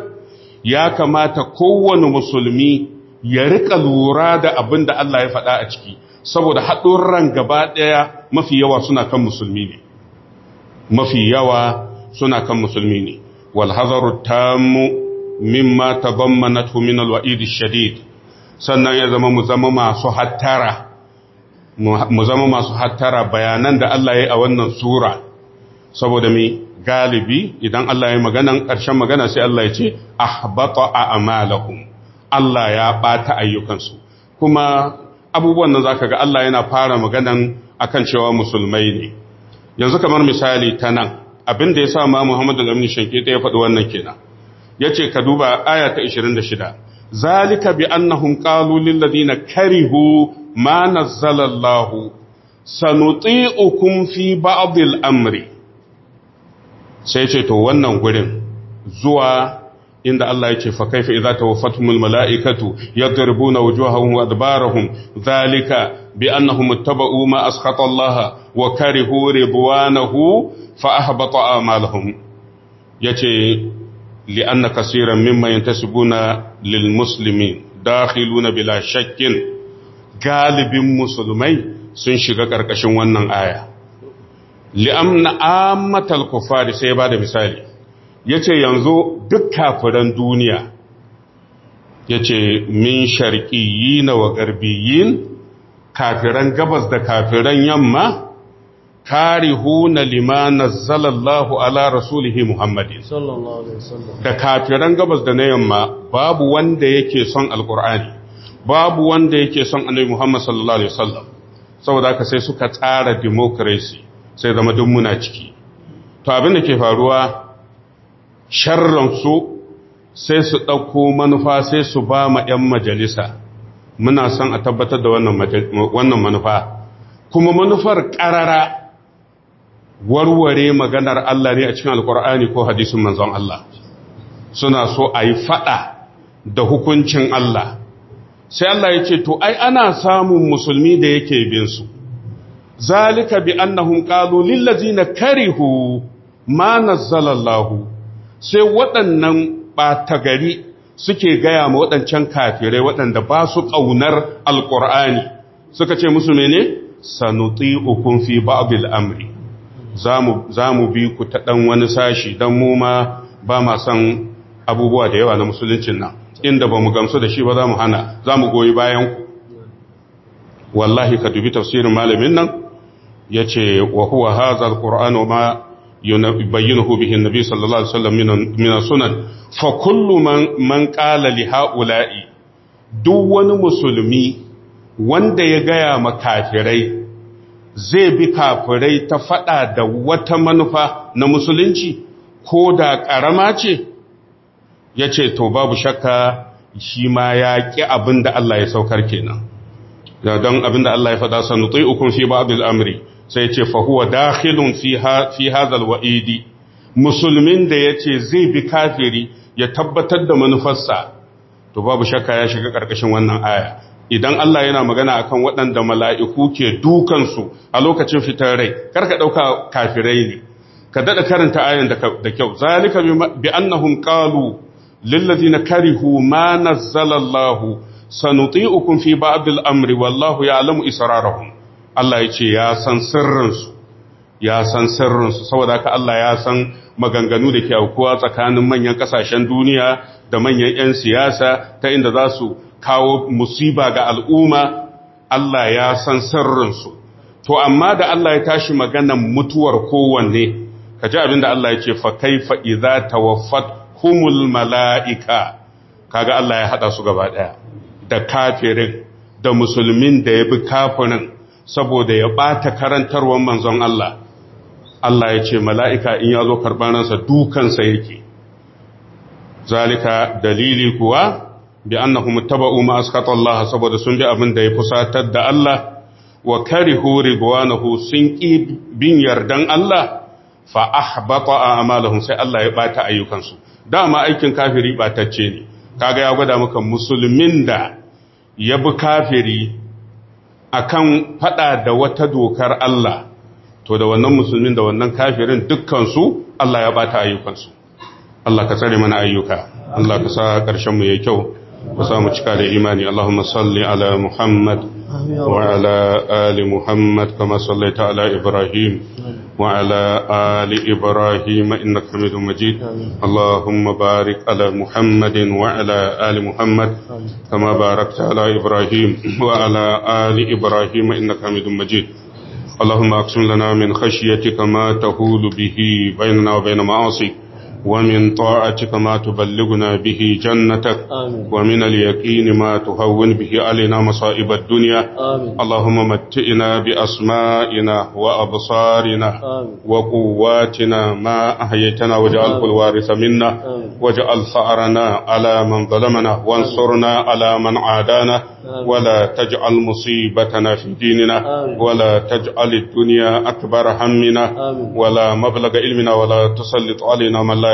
ya kamata kowane musulmi ya riƙa lura da abinda Allah ya faɗa a ciki saboda haɗurran gaba ɗaya mafi yawa suna kan musulmi ne mafi yawa suna kan musulmi ne walhazaru hazaru tamu mimma tadammanathu min al wa'id shadid sannan ya zama mu zama masu hattara bayanan da Allah ya a wannan sura saboda mi galibi idan Allah ya yi maganan ƙarshen magana sai Allah ya ce ahbata a'malakum Allah ya ɓata ayyukansu kuma abubuwan nan za ga Allah yana fara maganan akan cewa musulmai ne yanzu kamar misali ta nan abin da ya sa ma Muhammadu al-Amin Shankita ya faɗi wannan kenan ce ka duba aya ta 26 zalika bi annahum qalu lil ladina karihu ma nazzala Allah sanuti'ukum fi ba'd al-amri sai ce to wannan gurin zuwa inda Allah ya ce fa kaifa idza tawaffatumul malaikatu yadribuna wujuhahum wa adbarahum zalika bi annahum ittaba'u ma askhata Allah wa karihu ridwanahu fa ahbata a'malahum yace li anna kaseeran mimma yantasibuna lil muslimin dakhiluna bila shakkin galibin musulmai sun shiga karkashin wannan aya li amna ammatal kufari sai ba da misali ya ce yanzu duk kafiran duniya ya ce min yi na wa yin? kafiran gabas da kafiran yamma karihuna lima zalallahu ala rasulihi muhammadin da kafiran gabas da na yamma babu wanda yake son Alƙur'ani. babu wanda yake son annabi muhammad sallallahu alaihi wasallam saboda haka sai suka tsara democracy sai zama duk muna ciki to abin da ke faruwa sharransu sai su ɗauko manufa sai su ba ma ‘yan majalisa muna son a tabbatar da wannan manufa kuma manufar ƙarara warware maganar Allah ne a cikin alkur'ani ko hadisun manzon Allah suna so a yi faɗa da hukuncin Allah sai Allah ya ce to ai ana samun musulmi da yake binsu zalika bi annahum qalu lil na karihu ma nazzala sai waɗannan ɓata gari suke gaya ma waɗancan kafirai waɗanda ba su ƙaunar alƙur'ani suka ce musu mene sanuti ukun fi ba'dil amri za mu bi ku ta ɗan wani sashi don mu ma ba ma son abubuwa da yawa na musuluncin nan inda ba mu gamsu da shi ba za mu hana za mu goyi bayan wallahi ka dubi tafsirin malamin nan ya ce wa huwa hazal ma يبينه به النبي صلى الله عليه وسلم من السنن فكل من, من قال لهؤلاء دون مسلمي wanda ya gaya ma kafirai zai bi kafirai ta faɗa da wata manufa na musulunci ko da ƙarama ce ya ce to babu shakka shi ma ya ƙi abin da Allah ya saukar kenan don abin da Allah ya faɗa sanutai ukun fi al amri sai ce fahuwa dakhilun fi hazal wa'idi musulmin da ya ce zai bi kafiri ya tabbatar da manufarsa to babu shakka ya shiga karkashin wannan aya idan Allah yana magana akan waɗanda mala'iku ke dukansu a lokacin fitar rai karka ɗauka kafirai ne ka daɗa karanta ayan da kyau zalika bi annahum qalu lillazina karihu ma nazzalallahu sanuti'ukum fi ba'd al-amri wallahu ya'lamu israrahum Allah ya ce ya san sirrinsu ya san sirrinsu saboda haka Allah ya san maganganu da ke aukuwa tsakanin manyan kasashen duniya da manyan 'yan siyasa ta inda za su kawo musiba ga al'umma Allah ya san sirrinsu to amma da Allah ya tashi maganan mutuwar kowanne ka ji abin da Allah ya ce fa kaifa idza tawaffat humul mala'ika kaga Allah ya hada su gaba daya da kafirin da musulmin da ya bi kafirin saboda ya ɓata karantarwar manzon Allah Allah ya ce mala'ika in ya zo karɓar dukansa yake zalika dalili kuwa bi taba taba'u a suka Allah saboda sun bi abin da ya fusatar da Allah wa kari na ridwanahu sun ƙi bin yardan Allah fa a a'malahum sai Allah ya bata ayyukansu dama aikin kafiri batacce ne kaga ya gwada muka musulmin da ya bi kafiri akan fada da wata dokar Allah to da wannan musulmin da wannan kafirin dukkansu Allah ya bata ayyukansu Allah ka tsare mana ayyuka Allah ka sa ƙarshen mu yayi kyau وسام cika da imani Allahumma salli ala Muhammad wa ala ali Muhammad kama sallaita ala Ibrahim wa ali Ibrahim innaka Hamidum Majid Allahumma barik ala Muhammadin wa ali Muhammad kama barakta ala Ibrahim wa ali Ibrahim اللهم اقسم لنا من خشيتك ما تهول به بيننا وبين معاصيك ومن طاعتك ما تبلغنا به جنتك آمين. ومن اليقين ما تهون به علينا مصائب الدنيا آمين. اللهم متئنا بأسمائنا وأبصارنا آمين. وقواتنا ما أحييتنا واجعله الوارث منا واجعل ثأرنا على من ظلمنا وانصرنا على من عادانا ولا تجعل مصيبتنا في ديننا ولا تجعل الدنيا أكبر همنا ولا مبلغ علمنا ولا تسلط علينا من لا